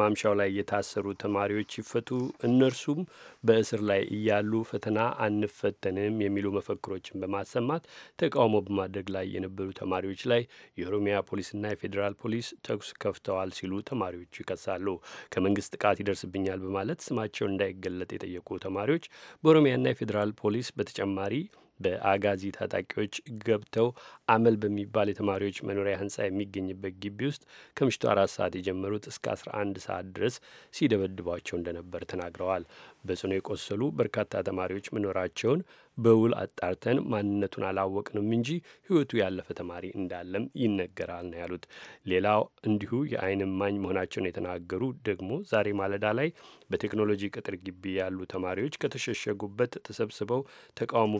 ማምሻው ላይ የታሰሩ ተማሪዎች ይፈቱ እነርሱም በእስር ላይ እያሉ ፈተና አንፈተንም የሚሉ መፈክሮችን በማሰማት ተቃውሞ በማድረግ ላይ የነበሩ ተማሪዎች ላይ የኦሮሚያ ፖሊስና የፌዴራል ፖሊስ ተኩስ ከፍተዋል ሲሉ ተማሪዎቹ ይከሳሉ። ከመንግስት ጥቃት ይደርስብኛል በማለት ስማቸው እንዳይገለጥ የጠየቁ ተማሪዎች በኦሮሚያና የፌዴራል ፖሊስ በተጨማሪ በአጋዚ ታጣቂዎች ገብተው አመል በሚባል የተማሪዎች መኖሪያ ህንጻ የሚገኝበት ግቢ ውስጥ ከምሽቱ አራት ሰዓት የጀመሩት እስከ 11 ሰዓት ድረስ ሲደበድቧቸው እንደነበር ተናግረዋል። በጽኑ የቆሰሉ በርካታ ተማሪዎች መኖራቸውን በውል አጣርተን ማንነቱን አላወቅንም እንጂ ህይወቱ ያለፈ ተማሪ እንዳለም ይነገራል ነው ያሉት። ሌላው እንዲሁ የአይን እማኝ መሆናቸውን የተናገሩ ደግሞ ዛሬ ማለዳ ላይ በቴክኖሎጂ ቅጥር ግቢ ያሉ ተማሪዎች ከተሸሸጉበት ተሰብስበው ተቃውሞ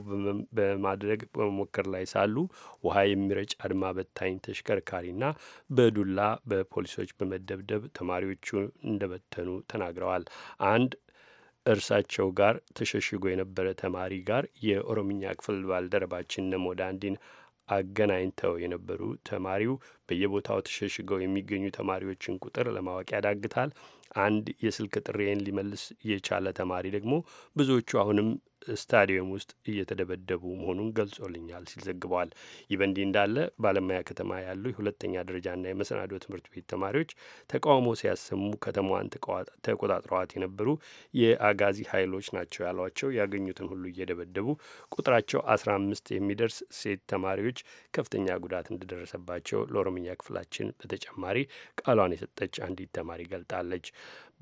በማድረግ በመሞከር ላይ ሳሉ ውሃ የሚረጭ አድማ በታኝ ተሽከርካሪና በዱላ በፖሊሶች በመደብደብ ተማሪዎቹ እንደበተኑ ተናግረዋል። አንድ እርሳቸው ጋር ተሸሽጎ የነበረ ተማሪ ጋር የኦሮምኛ ክፍል ባልደረባችን ነሞዳ አንዲን አገናኝተው የነበሩ ተማሪው በየቦታው ተሸሽገው የሚገኙ ተማሪዎችን ቁጥር ለማወቅ ያዳግታል። አንድ የስልክ ጥሬን ሊመልስ የቻለ ተማሪ ደግሞ ብዙዎቹ አሁንም ስታዲየም ውስጥ እየተደበደቡ መሆኑን ገልጾልኛል ሲል ዘግበዋል። ይህ በእንዲህ እንዳለ በአለማያ ከተማ ያሉ የሁለተኛ ደረጃና የመሰናዶ ትምህርት ቤት ተማሪዎች ተቃውሞ ሲያሰሙ ከተማዋን ተቆጣጥረዋት የነበሩ የአጋዚ ኃይሎች ናቸው ያሏቸው ያገኙትን ሁሉ እየደበደቡ ቁጥራቸው አስራ አምስት የሚደርስ ሴት ተማሪዎች ከፍተኛ ጉዳት እንደደረሰባቸው ለኦሮምኛ ክፍላችን በተጨማሪ ቃሏን የሰጠች አንዲት ተማሪ ገልጣለች።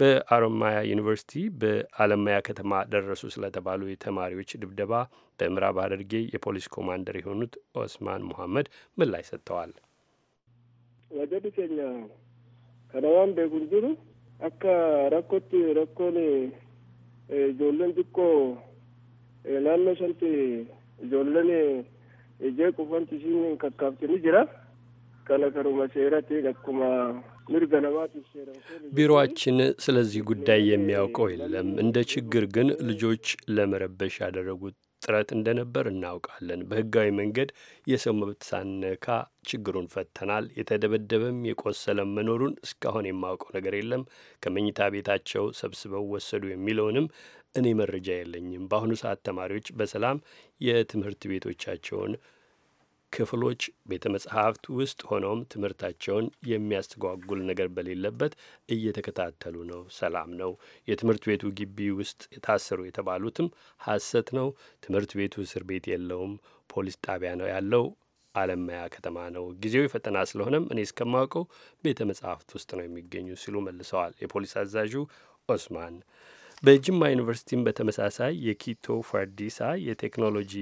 በአሮማያ ዩኒቨርሲቲ በአለማያ ከተማ ደረሱ ስለተባሉ የተማሪዎች ድብደባ በምዕራብ ሐረርጌ የፖሊስ ኮማንደር የሆኑት ኦስማን ሙሐመድ ምላሽ ሰጥተዋል። ወደዱኬኛ ከነዋን ቤጉንጅሩ አካ ረኮት ረኮን ጆለን ዲቆ ናኖ ሰንቲ ጆለን ጄ ቁፈንት ሲን ከካብትኒ ጅራ ከነ ከሩመ ሴረት ቢሮአችን ስለዚህ ጉዳይ የሚያውቀው የለም። እንደ ችግር ግን ልጆች ለመረበሽ ያደረጉት ጥረት እንደነበር እናውቃለን። በህጋዊ መንገድ የሰው መብት ሳነካ ችግሩን ፈተናል። የተደበደበም የቆሰለም መኖሩን እስካሁን የማውቀው ነገር የለም። ከመኝታ ቤታቸው ሰብስበው ወሰዱ የሚለውንም እኔ መረጃ የለኝም። በአሁኑ ሰዓት ተማሪዎች በሰላም የትምህርት ቤቶቻቸውን ክፍሎች ቤተ መጽሐፍት ውስጥ ሆነውም ትምህርታቸውን የሚያስተጓጉል ነገር በሌለበት እየተከታተሉ ነው። ሰላም ነው። የትምህርት ቤቱ ግቢ ውስጥ የታሰሩ የተባሉትም ሐሰት ነው። ትምህርት ቤቱ እስር ቤት የለውም። ፖሊስ ጣቢያ ነው ያለው። አለማያ ከተማ ነው። ጊዜው የፈተና ስለሆነም እኔ እስከማውቀው ቤተ መጽሐፍት ውስጥ ነው የሚገኙ ሲሉ መልሰዋል የፖሊስ አዛዡ ኦስማን። በጅማ ዩኒቨርሲቲም በተመሳሳይ የኪቶ ፈርዲሳ የቴክኖሎጂ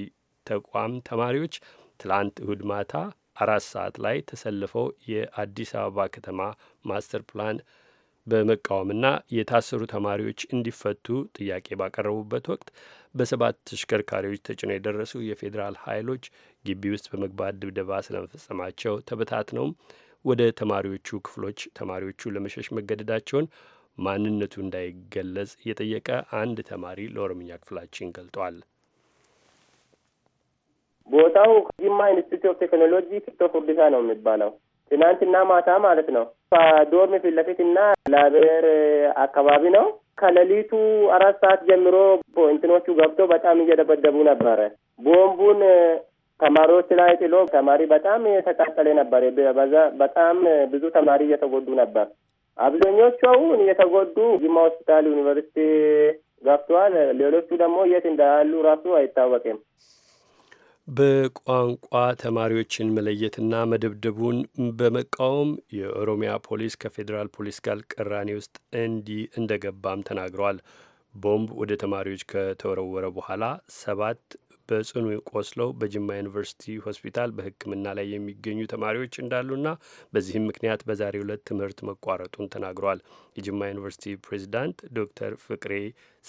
ተቋም ተማሪዎች ትላንት እሁድ ማታ አራት ሰዓት ላይ ተሰልፈው የአዲስ አበባ ከተማ ማስተር ፕላን በመቃወምና የታሰሩ ተማሪዎች እንዲፈቱ ጥያቄ ባቀረቡበት ወቅት በሰባት ተሽከርካሪዎች ተጭነው የደረሱ የፌዴራል ኃይሎች ግቢ ውስጥ በመግባት ድብደባ ስለመፈጸማቸው ተበታትነውም ወደ ተማሪዎቹ ክፍሎች ተማሪዎቹ ለመሸሽ መገደዳቸውን ማንነቱ እንዳይገለጽ የጠየቀ አንድ ተማሪ ለኦሮምኛ ክፍላችን ገልጧል። ቦታው ጂማ ኢንስቲትዩት ኦፍ ቴክኖሎጂ ፊቶ ፉርዲሳ ነው የሚባለው። ትናንትና ማታ ማለት ነው ከዶርም ፊት ለፊት እና ላቤር አካባቢ ነው። ከሌሊቱ አራት ሰዓት ጀምሮ እንትኖቹ ገብቶ በጣም እየደበደቡ ነበረ። ቦምቡን ተማሪዎች ላይ ጥሎ ተማሪ በጣም የተቃጠለ ነበር። በጣም ብዙ ተማሪ እየተጎዱ ነበር። አብዛኞቹ አሁን እየተጎዱ ጅማ ሆስፒታል ዩኒቨርሲቲ ገብተዋል። ሌሎቹ ደግሞ የት እንዳሉ ራሱ አይታወቅም። በቋንቋ ተማሪዎችን መለየትና መደብደቡን በመቃወም የኦሮሚያ ፖሊስ ከፌዴራል ፖሊስ ጋር ቅራኔ ውስጥ እንዲህ እንደገባም ተናግረዋል። ቦምብ ወደ ተማሪዎች ከተወረወረ በኋላ ሰባት በጽኑ ቆስለው በጅማ ዩኒቨርሲቲ ሆስፒታል በሕክምና ላይ የሚገኙ ተማሪዎች እንዳሉና በዚህም ምክንያት በዛሬው ዕለት ትምህርት መቋረጡን ተናግረዋል። የጅማ ዩኒቨርሲቲ ፕሬዚዳንት ዶክተር ፍቅሬ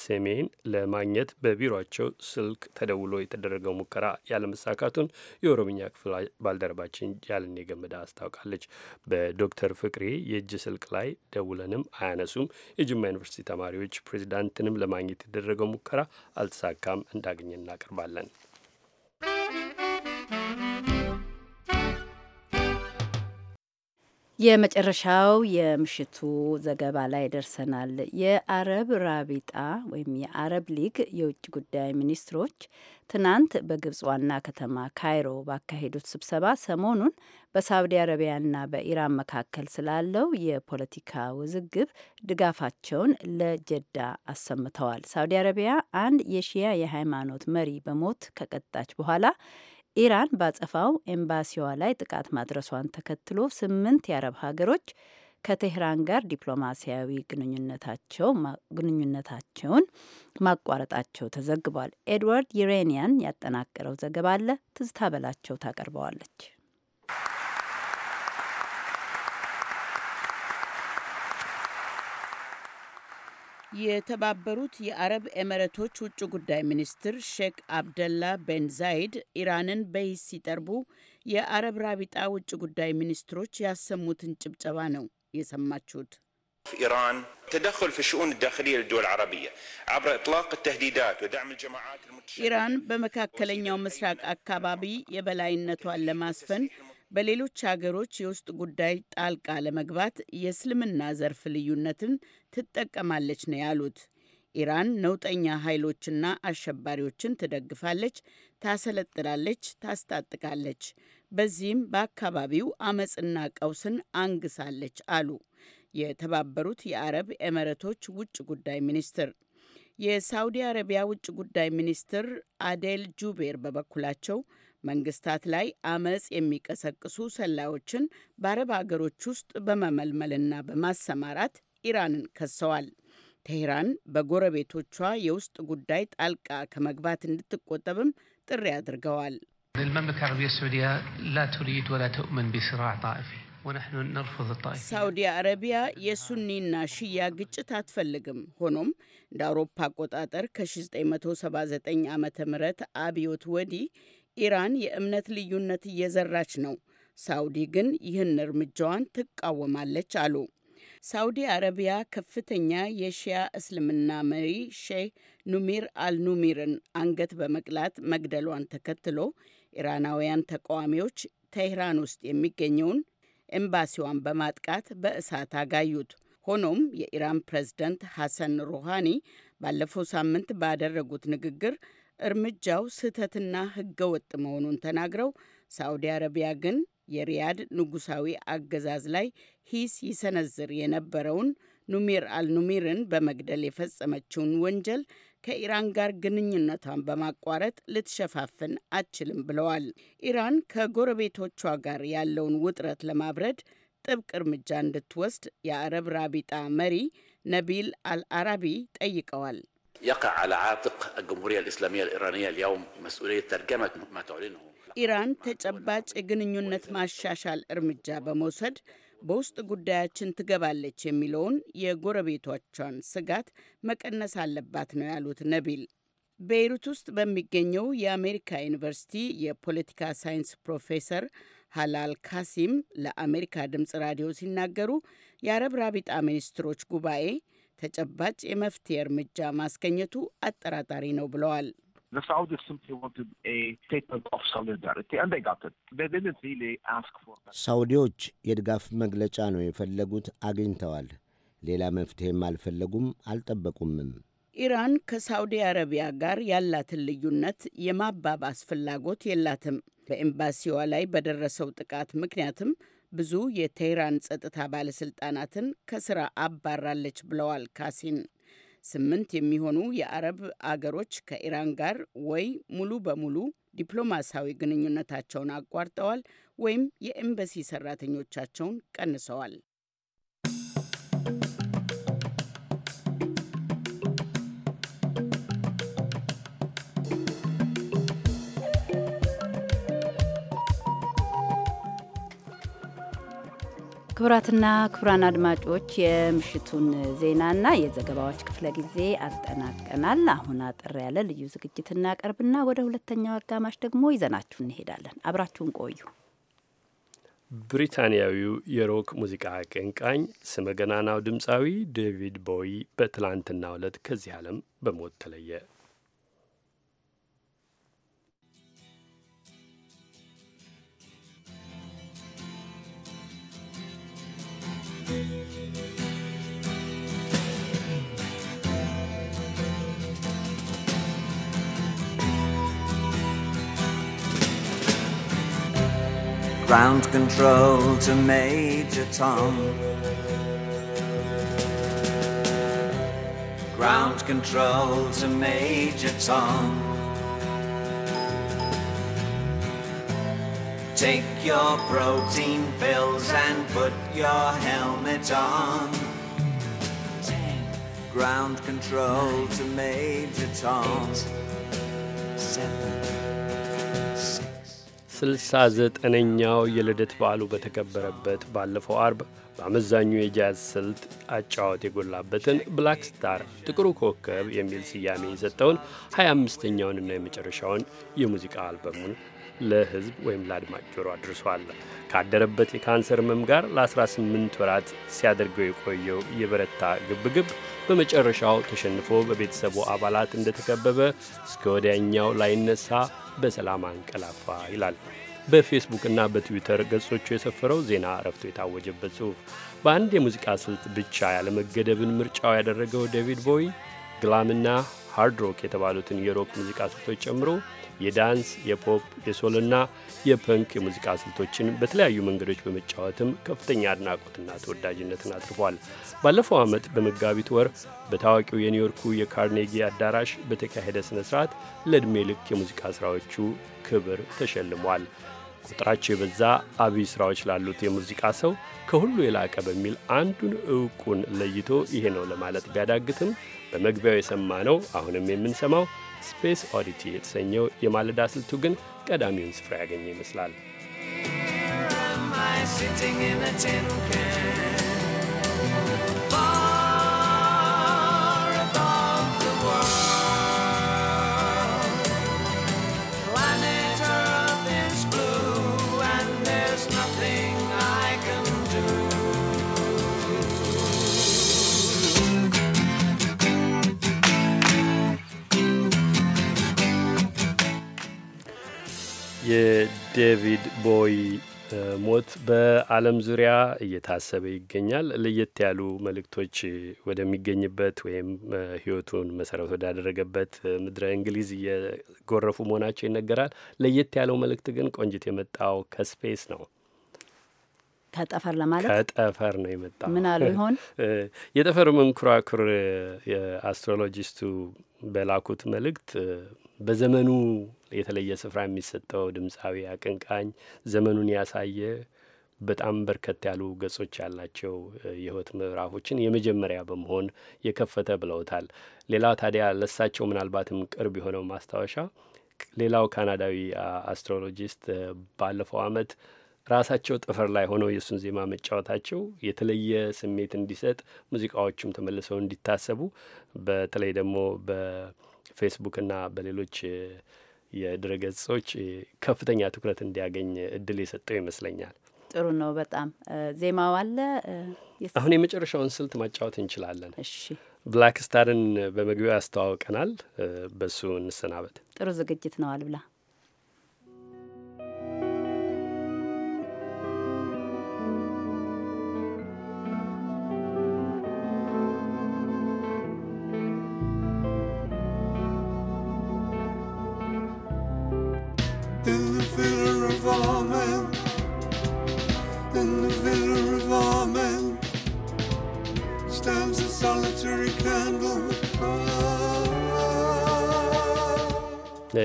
ሰሜን ለማግኘት በቢሮቸው ስልክ ተደውሎ የተደረገው ሙከራ ያለመሳካቱን የኦሮምኛ ክፍል ባልደረባችን ያልን ገመዳ አስታውቃለች። በዶክተር ፍቅሬ የእጅ ስልክ ላይ ደውለንም አያነሱም። የጅማ ዩኒቨርሲቲ ተማሪዎች ፕሬዚዳንትንም ለማግኘት የተደረገው ሙከራ አልተሳካም። እንዳገኘ እናቀርባለን። የመጨረሻው የምሽቱ ዘገባ ላይ ደርሰናል። የአረብ ራቢጣ ወይም የአረብ ሊግ የውጭ ጉዳይ ሚኒስትሮች ትናንት በግብጽ ዋና ከተማ ካይሮ ባካሄዱት ስብሰባ ሰሞኑን በሳውዲ አረቢያና በኢራን መካከል ስላለው የፖለቲካ ውዝግብ ድጋፋቸውን ለጀዳ አሰምተዋል። ሳውዲ አረቢያ አንድ የሺያ የሃይማኖት መሪ በሞት ከቀጣች በኋላ ኢራን ባጸፋው ኤምባሲዋ ላይ ጥቃት ማድረሷን ተከትሎ ስምንት የአረብ ሀገሮች ከቴህራን ጋር ዲፕሎማሲያዊ ግንኙነታቸውን ማቋረጣቸው ተዘግቧል። ኤድዋርድ ዩሬኒያን ያጠናቀረው ዘገባ አለ ትዝታ በላቸው ታቀርበዋለች። የተባበሩት የአረብ ኤምሬቶች ውጭ ጉዳይ ሚኒስትር ሼክ አብደላ ቤን ዛይድ ኢራንን በሂስ ሲጠርቡ የአረብ ራቢጣ ውጭ ጉዳይ ሚኒስትሮች ያሰሙትን ጭብጨባ ነው የሰማችሁት። ኢራን ተደኸል ፊ ሽኡን ዳኽልያ ልድወል ዓረቢያ ኢጥላቅ ተህዲዳት ልጀማዓት ኢራን በመካከለኛው ምስራቅ አካባቢ የበላይነቷን ለማስፈን በሌሎች ሀገሮች የውስጥ ጉዳይ ጣልቃ ለመግባት የእስልምና ዘርፍ ልዩነትን ትጠቀማለች ነው ያሉት። ኢራን ነውጠኛ ኃይሎችና አሸባሪዎችን ትደግፋለች፣ ታሰለጥላለች፣ ታስታጥቃለች። በዚህም በአካባቢው አመፅና ቀውስን አንግሳለች አሉ የተባበሩት የአረብ ኤምሬቶች ውጭ ጉዳይ ሚኒስትር። የሳውዲ አረቢያ ውጭ ጉዳይ ሚኒስትር አዴል ጁቤር በበኩላቸው መንግስታት ላይ አመፅ የሚቀሰቅሱ ሰላዮችን በአረብ አገሮች ውስጥ በመመልመልና በማሰማራት ኢራንን ከሰዋል። ቴሄራን በጎረቤቶቿ የውስጥ ጉዳይ ጣልቃ ከመግባት እንድትቆጠብም ጥሪ አድርገዋል። ሳውዲ አረቢያ የሱኒና ሽያ ግጭት አትፈልግም። ሆኖም እንደ አውሮፓ አቆጣጠር ከ1979 ዓ ም አብዮት ወዲህ ኢራን የእምነት ልዩነት እየዘራች ነው፣ ሳውዲ ግን ይህን እርምጃዋን ትቃወማለች አሉ። ሳውዲ አረቢያ ከፍተኛ የሺያ እስልምና መሪ ሼህ ኑሚር አልኑሚርን አንገት በመቅላት መግደሏን ተከትሎ ኢራናውያን ተቃዋሚዎች ቴህራን ውስጥ የሚገኘውን ኤምባሲዋን በማጥቃት በእሳት አጋዩት። ሆኖም የኢራን ፕሬዝደንት ሐሰን ሩሃኒ ባለፈው ሳምንት ባደረጉት ንግግር እርምጃው ስህተትና ህገወጥ መሆኑን ተናግረው ሳዑዲ አረቢያ ግን የሪያድ ንጉሳዊ አገዛዝ ላይ ሂስ ይሰነዝር የነበረውን ኑሚር አልኑሚርን በመግደል የፈጸመችውን ወንጀል ከኢራን ጋር ግንኙነቷን በማቋረጥ ልትሸፋፍን አትችልም ብለዋል። ኢራን ከጎረቤቶቿ ጋር ያለውን ውጥረት ለማብረድ ጥብቅ እርምጃ እንድትወስድ የአረብ ራቢጣ መሪ ነቢል አልአራቢ ጠይቀዋል። يقع على عاتق الجمهورية الإسلامية الإيرانية اليوم مسؤولية ترجمة ما تعلنه ኢራን ተጨባጭ የግንኙነት ማሻሻል እርምጃ በመውሰድ በውስጥ ጉዳያችን ትገባለች የሚለውን የጎረቤቶቿን ስጋት መቀነስ አለባት ነው ያሉት ነቢል። ቤይሩት ውስጥ በሚገኘው የአሜሪካ ዩኒቨርሲቲ የፖለቲካ ሳይንስ ፕሮፌሰር ሀላል ካሲም ለአሜሪካ ድምፅ ራዲዮ ሲናገሩ የአረብ ራቢጣ ሚኒስትሮች ጉባኤ ተጨባጭ የመፍትሄ እርምጃ ማስገኘቱ አጠራጣሪ ነው ብለዋል። ሳውዲዎች የድጋፍ መግለጫ ነው የፈለጉት፣ አግኝተዋል። ሌላ መፍትሄም አልፈለጉም፣ አልጠበቁምም። ኢራን ከሳውዲ አረቢያ ጋር ያላትን ልዩነት የማባባስ ፍላጎት የላትም። በኤምባሲዋ ላይ በደረሰው ጥቃት ምክንያትም ብዙ የቴህራን ጸጥታ ባለስልጣናትን ከስራ አባራለች ብለዋል ካሲን። ስምንት የሚሆኑ የአረብ አገሮች ከኢራን ጋር ወይ ሙሉ በሙሉ ዲፕሎማሲያዊ ግንኙነታቸውን አቋርጠዋል ወይም የኤምበሲ ሰራተኞቻቸውን ቀንሰዋል። ክቡራትና ክቡራን አድማጮች የምሽቱን ዜናና የዘገባዎች ክፍለ ጊዜ አጠናቀናል። አሁን አጠር ያለ ልዩ ዝግጅት እናቀርብና ወደ ሁለተኛው አጋማሽ ደግሞ ይዘናችሁ እንሄዳለን። አብራችሁን ቆዩ። ብሪታንያዊው የሮክ ሙዚቃ አቀንቃኝ ስመገናናው ድምፃዊ ዴቪድ ቦዊ በትላንትናው ዕለት ከዚህ ዓለም በሞት ተለየ። Ground control to Major Tom. Ground control to Major Tom. Take your protein pills and put your helmet on. Ground control to Major Tom. ስልሳ ዘጠነኛው የልደት በዓሉ በተከበረበት ባለፈው አርብ በአመዛኙ የጃዝ ስልት አጫወት የጎላበትን ብላክ ስታር ጥቁሩ ኮከብ የሚል ስያሜ የሰጠውን 25ኛውንና የመጨረሻውን የሙዚቃ አልበሙን ለህዝብ ወይም ለአድማጭ ጆሮ አድርሷል። ካደረበት የካንሰር ህመም ጋር ለ18 ወራት ሲያደርገው የቆየው የበረታ ግብግብ በመጨረሻው ተሸንፎ በቤተሰቡ አባላት እንደተከበበ እስከ ወዲያኛው ላይነሳ በሰላም አንቀላፋ ይላል በፌስቡክ እና በትዊተር ገጾቹ የሰፈረው ዜና እረፍቱ የታወጀበት ጽሑፍ። በአንድ የሙዚቃ ስልት ብቻ ያለመገደብን ምርጫው ያደረገው ዴቪድ ቦይ ግላምና ሃርድ ሮክ የተባሉትን የሮክ ሙዚቃ ስልቶች ጨምሮ የዳንስ፣ የፖፕ፣ የሶልና የፐንክ የሙዚቃ ስልቶችን በተለያዩ መንገዶች በመጫወትም ከፍተኛ አድናቆትና ተወዳጅነትን አትርፏል። ባለፈው ዓመት በመጋቢት ወር በታዋቂው የኒውዮርኩ የካርኔጊ አዳራሽ በተካሄደ ሥነ ሥርዓት ለዕድሜ ልክ የሙዚቃ ሥራዎቹ ክብር ተሸልሟል። ቁጥራቸው የበዛ አብይ ሥራዎች ላሉት የሙዚቃ ሰው ከሁሉ የላቀ በሚል አንዱን እውቁን ለይቶ ይሄ ነው ለማለት ቢያዳግትም በመግቢያው የሰማ ነው አሁንም የምንሰማው ስፔስ ኦዲቲ የተሰኘው የማለዳ ስልቱ ግን ቀዳሚውን ስፍራ ያገኘ ይመስላል። Sitting in a tin can የዴቪድ ቦይ ሞት በዓለም ዙሪያ እየታሰበ ይገኛል። ለየት ያሉ መልእክቶች ወደሚገኝበት ወይም ሕይወቱን መሰረት ወዳደረገበት ምድረ እንግሊዝ እየጎረፉ መሆናቸው ይነገራል። ለየት ያለው መልእክት ግን ቆንጅት የመጣው ከስፔስ ነው። ከጠፈር ለማለት ከጠፈር ነው የመጣው። ምን አሉ ይሆን? የጠፈር መንኮራኩር የአስትሮሎጂስቱ በላኩት መልእክት በዘመኑ የተለየ ስፍራ የሚሰጠው ድምፃዊ አቀንቃኝ ዘመኑን ያሳየ በጣም በርከት ያሉ ገጾች ያላቸው የህይወት ምዕራፎችን የመጀመሪያ በመሆን የከፈተ ብለውታል። ሌላው ታዲያ ለሳቸው ምናልባትም ቅርብ የሆነው ማስታወሻ ሌላው ካናዳዊ አስትሮሎጂስት ባለፈው ዓመት ራሳቸው ጥፍር ላይ ሆነው የእሱን ዜማ መጫወታቸው የተለየ ስሜት እንዲሰጥ ሙዚቃዎቹም ተመልሰው እንዲታሰቡ በተለይ ደግሞ በፌስቡክ እና በሌሎች የድረገጾች ከፍተኛ ትኩረት እንዲያገኝ እድል የሰጠው ይመስለኛል። ጥሩ ነው። በጣም ዜማው አለ። አሁን የመጨረሻውን ስልት ማጫወት እንችላለን። እሺ፣ ብላክ ስታርን በመግቢያው ያስተዋውቀናል። በሱ እንሰናበት። ጥሩ ዝግጅት ነው አልብላ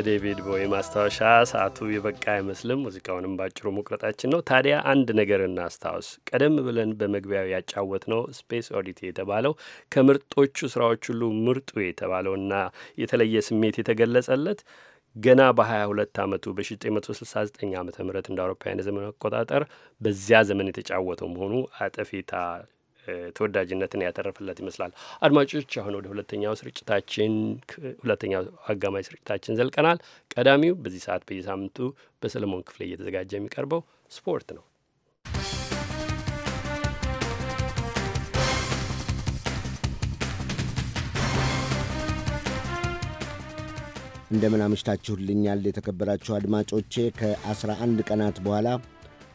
ለዴቪድ ቦይ ማስታወሻ ሰዓቱ የበቃ አይመስልም። ሙዚቃውንም ባጭሩ መቁረጣችን ነው። ታዲያ አንድ ነገር እናስታውስ። ቀደም ብለን በመግቢያው ያጫወት ነው ስፔስ ኦዲቲ የተባለው ከምርጦቹ ስራዎች ሁሉ ምርጡ የተባለውና የተለየ ስሜት የተገለጸለት ገና በ22 ዓመቱ በ1969 ዓ ም እንደ አውሮፓውያን የዘመን አቆጣጠር በዚያ ዘመን የተጫወተው መሆኑ አጠፌታ ተወዳጅነትን ያተረፈለት ይመስላል። አድማጮች፣ አሁን ወደ ሁለተኛው ስርጭታችን ሁለተኛው አጋማሽ ስርጭታችን ዘልቀናል። ቀዳሚው በዚህ ሰዓት በየሳምንቱ በሰለሞን ክፍሌ እየተዘጋጀ የሚቀርበው ስፖርት ነው። እንደምን አምሽታችሁልኛል የተከበራችሁ አድማጮቼ ከ ከ11 ቀናት በኋላ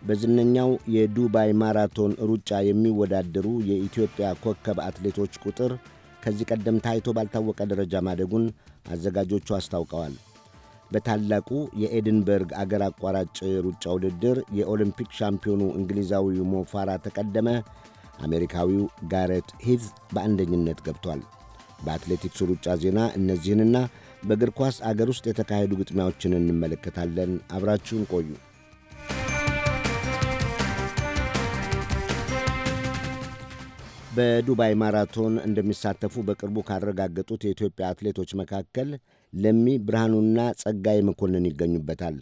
በዝነኛው የዱባይ ማራቶን ሩጫ የሚወዳደሩ የኢትዮጵያ ኮከብ አትሌቶች ቁጥር ከዚህ ቀደም ታይቶ ባልታወቀ ደረጃ ማደጉን አዘጋጆቹ አስታውቀዋል። በታላቁ የኤድንበርግ አገር አቋራጭ ሩጫ ውድድር የኦሎምፒክ ሻምፒዮኑ እንግሊዛዊው ሞፋራ ተቀደመ። አሜሪካዊው ጋረት ሂዝ በአንደኝነት ገብቷል። በአትሌቲክስ ሩጫ ዜና እነዚህንና በእግር ኳስ አገር ውስጥ የተካሄዱ ግጥሚያዎችን እንመለከታለን። አብራችሁን ቆዩ። በዱባይ ማራቶን እንደሚሳተፉ በቅርቡ ካረጋገጡት የኢትዮጵያ አትሌቶች መካከል ለሚ ብርሃኑና ጸጋይ መኮንን ይገኙበታል።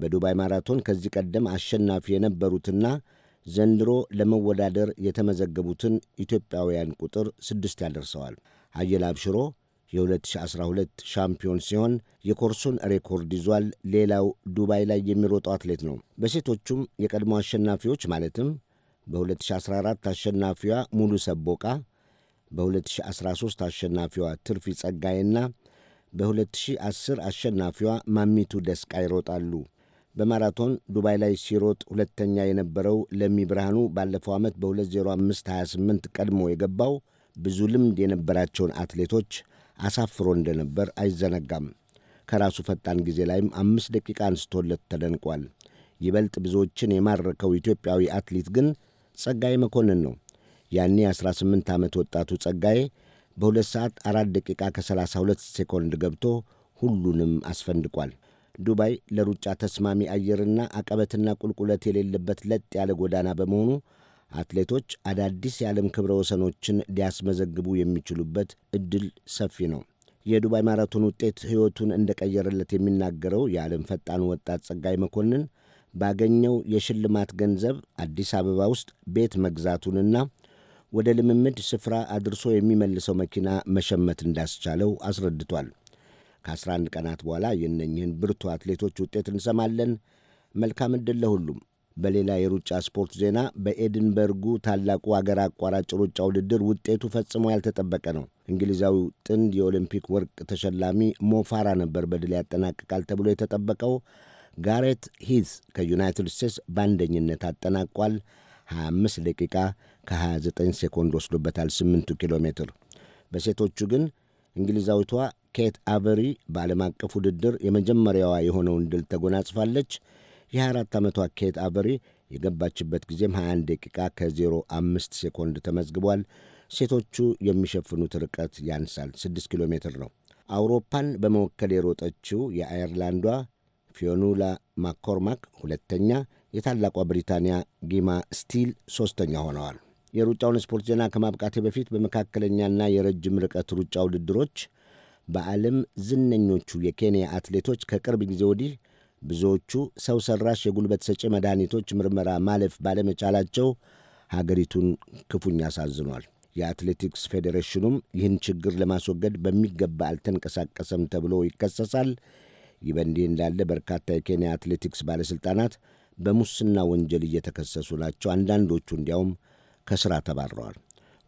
በዱባይ ማራቶን ከዚህ ቀደም አሸናፊ የነበሩትና ዘንድሮ ለመወዳደር የተመዘገቡትን ኢትዮጵያውያን ቁጥር ስድስት ያደርሰዋል። አየል አብሽሮ የ2012 ሻምፒዮን ሲሆን የኮርሱን ሬኮርድ ይዟል። ሌላው ዱባይ ላይ የሚሮጠው አትሌት ነው። በሴቶቹም የቀድሞ አሸናፊዎች ማለትም በ2014 አሸናፊዋ ሙሉ ሰቦቃ፣ በ2013 አሸናፊዋ ትርፊ ጸጋዬና በ2010 አሸናፊዋ ማሚቱ ደስቃ ይሮጣሉ። በማራቶን ዱባይ ላይ ሲሮጥ ሁለተኛ የነበረው ለሚ ብርሃኑ ባለፈው ዓመት በ20528 ቀድሞ የገባው ብዙ ልምድ የነበራቸውን አትሌቶች አሳፍሮ እንደነበር አይዘነጋም። ከራሱ ፈጣን ጊዜ ላይም አምስት ደቂቃ አንስቶለት ተደንቋል። ይበልጥ ብዙዎችን የማረከው ኢትዮጵያዊ አትሌት ግን ጸጋዬ መኮንን ነው። ያኔ 18 ዓመት ወጣቱ ጸጋዬ በሁለት ሰዓት አራት ደቂቃ ከ32 ሴኮንድ ገብቶ ሁሉንም አስፈንድቋል። ዱባይ ለሩጫ ተስማሚ አየርና አቀበትና ቁልቁለት የሌለበት ለጥ ያለ ጎዳና በመሆኑ አትሌቶች አዳዲስ የዓለም ክብረ ወሰኖችን ሊያስመዘግቡ የሚችሉበት ዕድል ሰፊ ነው። የዱባይ ማራቶን ውጤት ሕይወቱን እንደቀየረለት የሚናገረው የዓለም ፈጣኑ ወጣት ጸጋይ መኮንን ባገኘው የሽልማት ገንዘብ አዲስ አበባ ውስጥ ቤት መግዛቱንና ወደ ልምምድ ስፍራ አድርሶ የሚመልሰው መኪና መሸመት እንዳስቻለው አስረድቷል። ከ11 ቀናት በኋላ የእነኝህን ብርቱ አትሌቶች ውጤት እንሰማለን። መልካም ዕድል ለሁሉም። በሌላ የሩጫ ስፖርት ዜና በኤድንበርጉ ታላቁ አገር አቋራጭ ሩጫ ውድድር ውጤቱ ፈጽሞ ያልተጠበቀ ነው። እንግሊዛዊው ጥንድ የኦሎምፒክ ወርቅ ተሸላሚ ሞፋራ ነበር በድል ያጠናቅቃል ተብሎ የተጠበቀው። ጋሬት ሂዝ ከዩናይትድ ስቴትስ በአንደኝነት አጠናቋል። 25 ደቂቃ ከ29 ሴኮንድ ወስዶበታል 8 ኪሎ ሜትር። በሴቶቹ ግን እንግሊዛዊቷ ኬት አቨሪ በዓለም አቀፍ ውድድር የመጀመሪያዋ የሆነውን ድል ተጎናጽፋለች። የ24 ዓመቷ ኬት አቨሪ የገባችበት ጊዜም 21 ደቂቃ ከ05 ሴኮንድ ተመዝግቧል። ሴቶቹ የሚሸፍኑት ርቀት ያንሳል፣ 6 ኪሎ ሜትር ነው። አውሮፓን በመወከል የሮጠችው የአየርላንዷ ፊዮኑላ ማኮርማክ ሁለተኛ፣ የታላቋ ብሪታንያ ጊማ ስቲል ሦስተኛ ሆነዋል። የሩጫውን ስፖርት ዜና ከማብቃቴ በፊት በመካከለኛና የረጅም ርቀት ሩጫ ውድድሮች በዓለም ዝነኞቹ የኬንያ አትሌቶች ከቅርብ ጊዜ ወዲህ ብዙዎቹ ሰው ሰራሽ የጉልበት ሰጪ መድኃኒቶች ምርመራ ማለፍ ባለመቻላቸው ሀገሪቱን ክፉኛ አሳዝኗል። የአትሌቲክስ ፌዴሬሽኑም ይህን ችግር ለማስወገድ በሚገባ አልተንቀሳቀሰም ተብሎ ይከሰሳል። ይህ በእንዲህ እንዳለ በርካታ የኬንያ አትሌቲክስ ባለሥልጣናት በሙስና ወንጀል እየተከሰሱ ናቸው። አንዳንዶቹ እንዲያውም ከሥራ ተባረዋል።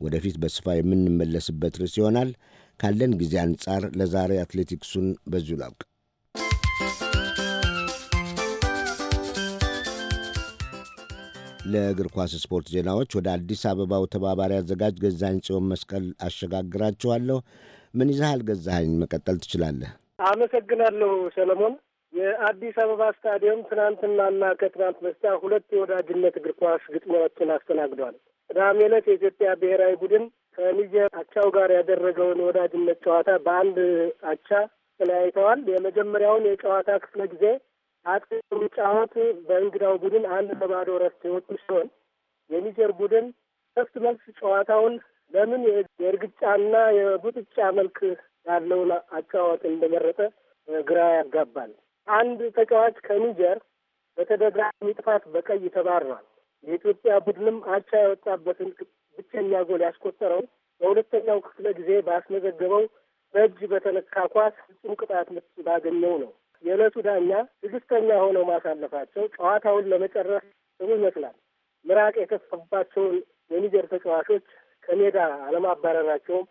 ወደፊት በስፋ የምንመለስበት ርዕስ ይሆናል። ካለን ጊዜ አንጻር ለዛሬ አትሌቲክሱን በዚሁ ላውቅ። ለእግር ኳስ ስፖርት ዜናዎች ወደ አዲስ አበባው ተባባሪ አዘጋጅ ገዛኝ ጽዮን መስቀል አሸጋግራችኋለሁ። ምን ይዘሃል ገዛኸኝ? መቀጠል ትችላለህ። አመሰግናለሁ ሰለሞን። የአዲስ አበባ ስታዲየም ትናንትናና ከትናንት በስቲያ ሁለት የወዳጅነት እግር ኳስ ግጥሚያዎችን አስተናግዷል። ቅዳሜ ዕለት የኢትዮጵያ ብሔራዊ ቡድን ከኒጀር አቻው ጋር ያደረገውን የወዳጅነት ጨዋታ በአንድ አቻ ተለያይተዋል። የመጀመሪያውን የጨዋታ ክፍለ ጊዜ አጥቂ የሚጫወት በእንግዳው ቡድን አንድ ለባዶ ረፍት የወጡ ሲሆን የኒጀር ቡድን ሰፍት መልስ ጨዋታውን ለምን የእርግጫና የቡጥጫ መልክ ያለውን አጫዋት እንደመረጠ ግራ ያጋባል። አንድ ተጫዋች ከኒጀር በተደጋጋሚ ጥፋት በቀይ ተባሯል። የኢትዮጵያ ቡድንም አቻ የወጣበትን ብቸኛ ጎል ያስቆጠረው በሁለተኛው ክፍለ ጊዜ ባስመዘገበው በእጅ በተነካ ኳስ ፍጹም ቅጣት ምት ባገኘው ነው። የዕለቱ ዳኛ ትዕግስተኛ ሆነው ማሳለፋቸው ጨዋታውን ለመጨረስ ጥሩ ይመስላል። ምራቅ የተፋባቸውን የኒጀር ተጫዋቾች ከሜዳ አለማባረራቸውም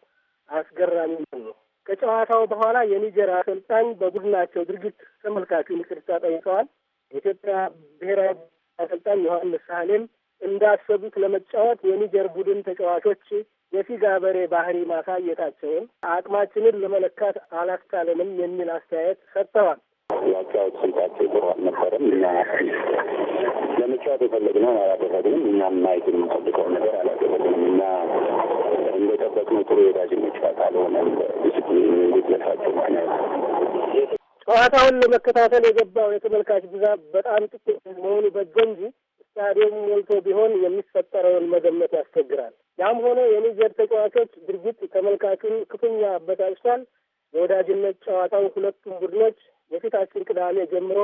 አስገራሚ ነው። ከጨዋታው በኋላ የኒጀር አሰልጣኝ በቡድናቸው ድርጊት ተመልካቹ ይቅርታ ጠይቀዋል። የኢትዮጵያ ብሔራዊ አሰልጣኝ ዮሐንስ ሳህሌም እንዳሰቡት ለመጫወት የኒጀር ቡድን ተጫዋቾች የፊጋ በሬ ባህሪ ማሳየታቸውን አቅማችንን ለመለካት አላስቻለንም የሚል አስተያየት ሰጥተዋል። ያጫወት ስልታቸው ጥሩ አልነበረም። እኛ ለመጫወት የፈለግነውን አላደረግንም። እኛ ማየት የምንጠብቀው ነገር አላደረግንም እኛ የጠበቅነው ጥሩ የዳጅኖች ካልሆነ ሊመሳቸው ማለት ጨዋታውን ለመከታተል የገባው የተመልካች ብዛት በጣም ጥቂት መሆኑ በጎ እንጂ ስታዲየም ሞልቶ ቢሆን የሚፈጠረውን መገመት ያስቸግራል። ያም ሆነ የኒጀር ተጫዋቾች ድርጊት ተመልካቹን ክፉኛ አበሳጭቷል። የወዳጅነት ጨዋታው ሁለቱም ቡድኖች የፊታችን ቅዳሜ ጀምሮ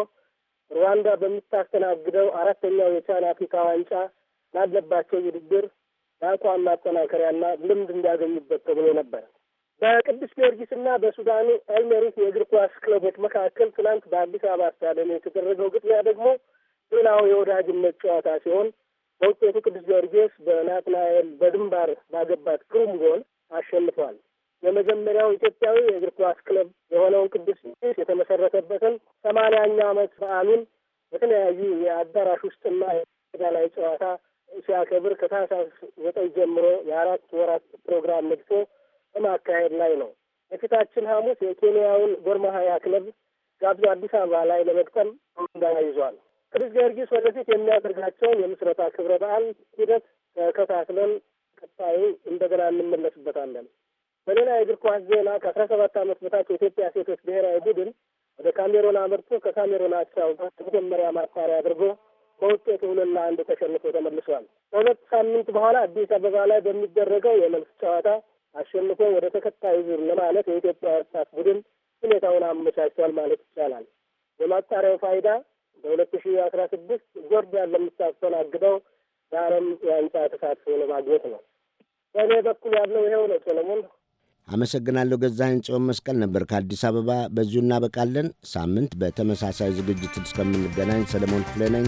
ሩዋንዳ በምታስተናግደው አራተኛው የቻን አፍሪካ ዋንጫ ላለባቸው ውድድር በአቋም ማጠናከሪያና ልምድ እንዲያገኙበት ተብሎ ነበር። በቅዱስ ጊዮርጊስና በሱዳኑ አልሜሪት የእግር ኳስ ክለቦች መካከል ትናንት በአዲስ አበባ ስታዲየም የተደረገው ግጥሚያ ደግሞ ሌላው የወዳጅነት ጨዋታ ሲሆን በውጤቱ ቅዱስ ጊዮርጊስ በናትናኤል በድንባር ባገባት ግሩም ጎል አሸንፏል። የመጀመሪያው ኢትዮጵያዊ የእግር ኳስ ክለብ የሆነውን ቅዱስ ጊዮርጊስ የተመሰረተበትን ሰማንያኛ ዓመት በዓሉን በተለያዩ የአዳራሽ ውስጥና የሜዳ ላይ ጨዋታ ሲያከብር ከታህሳስ ዘጠኝ ጀምሮ የአራት ወራት ፕሮግራም ነድፎ በማካሄድ ላይ ነው። የፊታችን ሐሙስ የኬንያውን ጎርማሀያ ክለብ ጋብዞ አዲስ አበባ ላይ ለመግጠም እንዳና ይዟል። ቅዱስ ጊዮርጊስ ወደፊት የሚያደርጋቸውን የምስረታ ክብረ በዓል ሂደት ተከታትለን ቀጣዩ እንደገና እንመለስበታለን። በሌላ የእግር ኳስ ዜና ከአስራ ሰባት ዓመት በታች የኢትዮጵያ ሴቶች ብሔራዊ ቡድን ወደ ካሜሮን አመርቶ ከካሜሮን አቻው ጋር መጀመሪያ ማጣሪያ አድርጎ በውጤት ሁለት ለአንድ ተሸንፎ ተመልሷል። ከሁለት ሳምንት በኋላ አዲስ አበባ ላይ በሚደረገው የመልስ ጨዋታ አሸንፎ ወደ ተከታዩ ዙር ለማለት የኢትዮጵያ ወጣት ቡድን ሁኔታውን አመቻችቷል ማለት ይቻላል። የማጣሪያው ፋይዳ በሁለት ሺ አስራ ስድስት ጆርዳን ለምታስተናግደው የዓለም የዋንጫ ተሳትፎ ለማግኘት ነው። በእኔ በኩል ያለው ይሄው ነው። ሰለሞን አመሰግናለሁ። ገዛኸኝ ጽዮን መስቀል ነበር ከአዲስ አበባ። በዚሁ እናበቃለን። ሳምንት በተመሳሳይ ዝግጅት እስከምንገናኝ ሰለሞን ክፍሌ ነኝ።